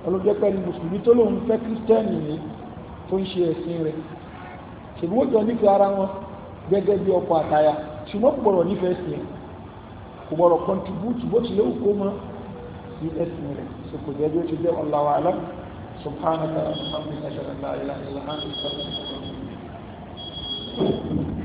ọlọ́jọ́ pẹ̀lú mùsùlùmí tó lóun fẹ́ kírísítẹ́nì tó ń ṣe ẹ̀sìn rẹ̀ ṣèbí wọ́n ara wọn gẹ́gẹ́ bí ọkọ àtaya ṣùgbọ́n kò gbọ́dọ̀ nífẹ̀ẹ́ sí ẹ kò gbọ́dọ̀ kọ́ntibútù bó tilẹ̀ òkú mọ́ sí ẹ̀sìn rẹ̀ ṣe kò jẹ́ bí ó ti jẹ́ Allahu a'lam subhanaka alhamdulilayi ṣe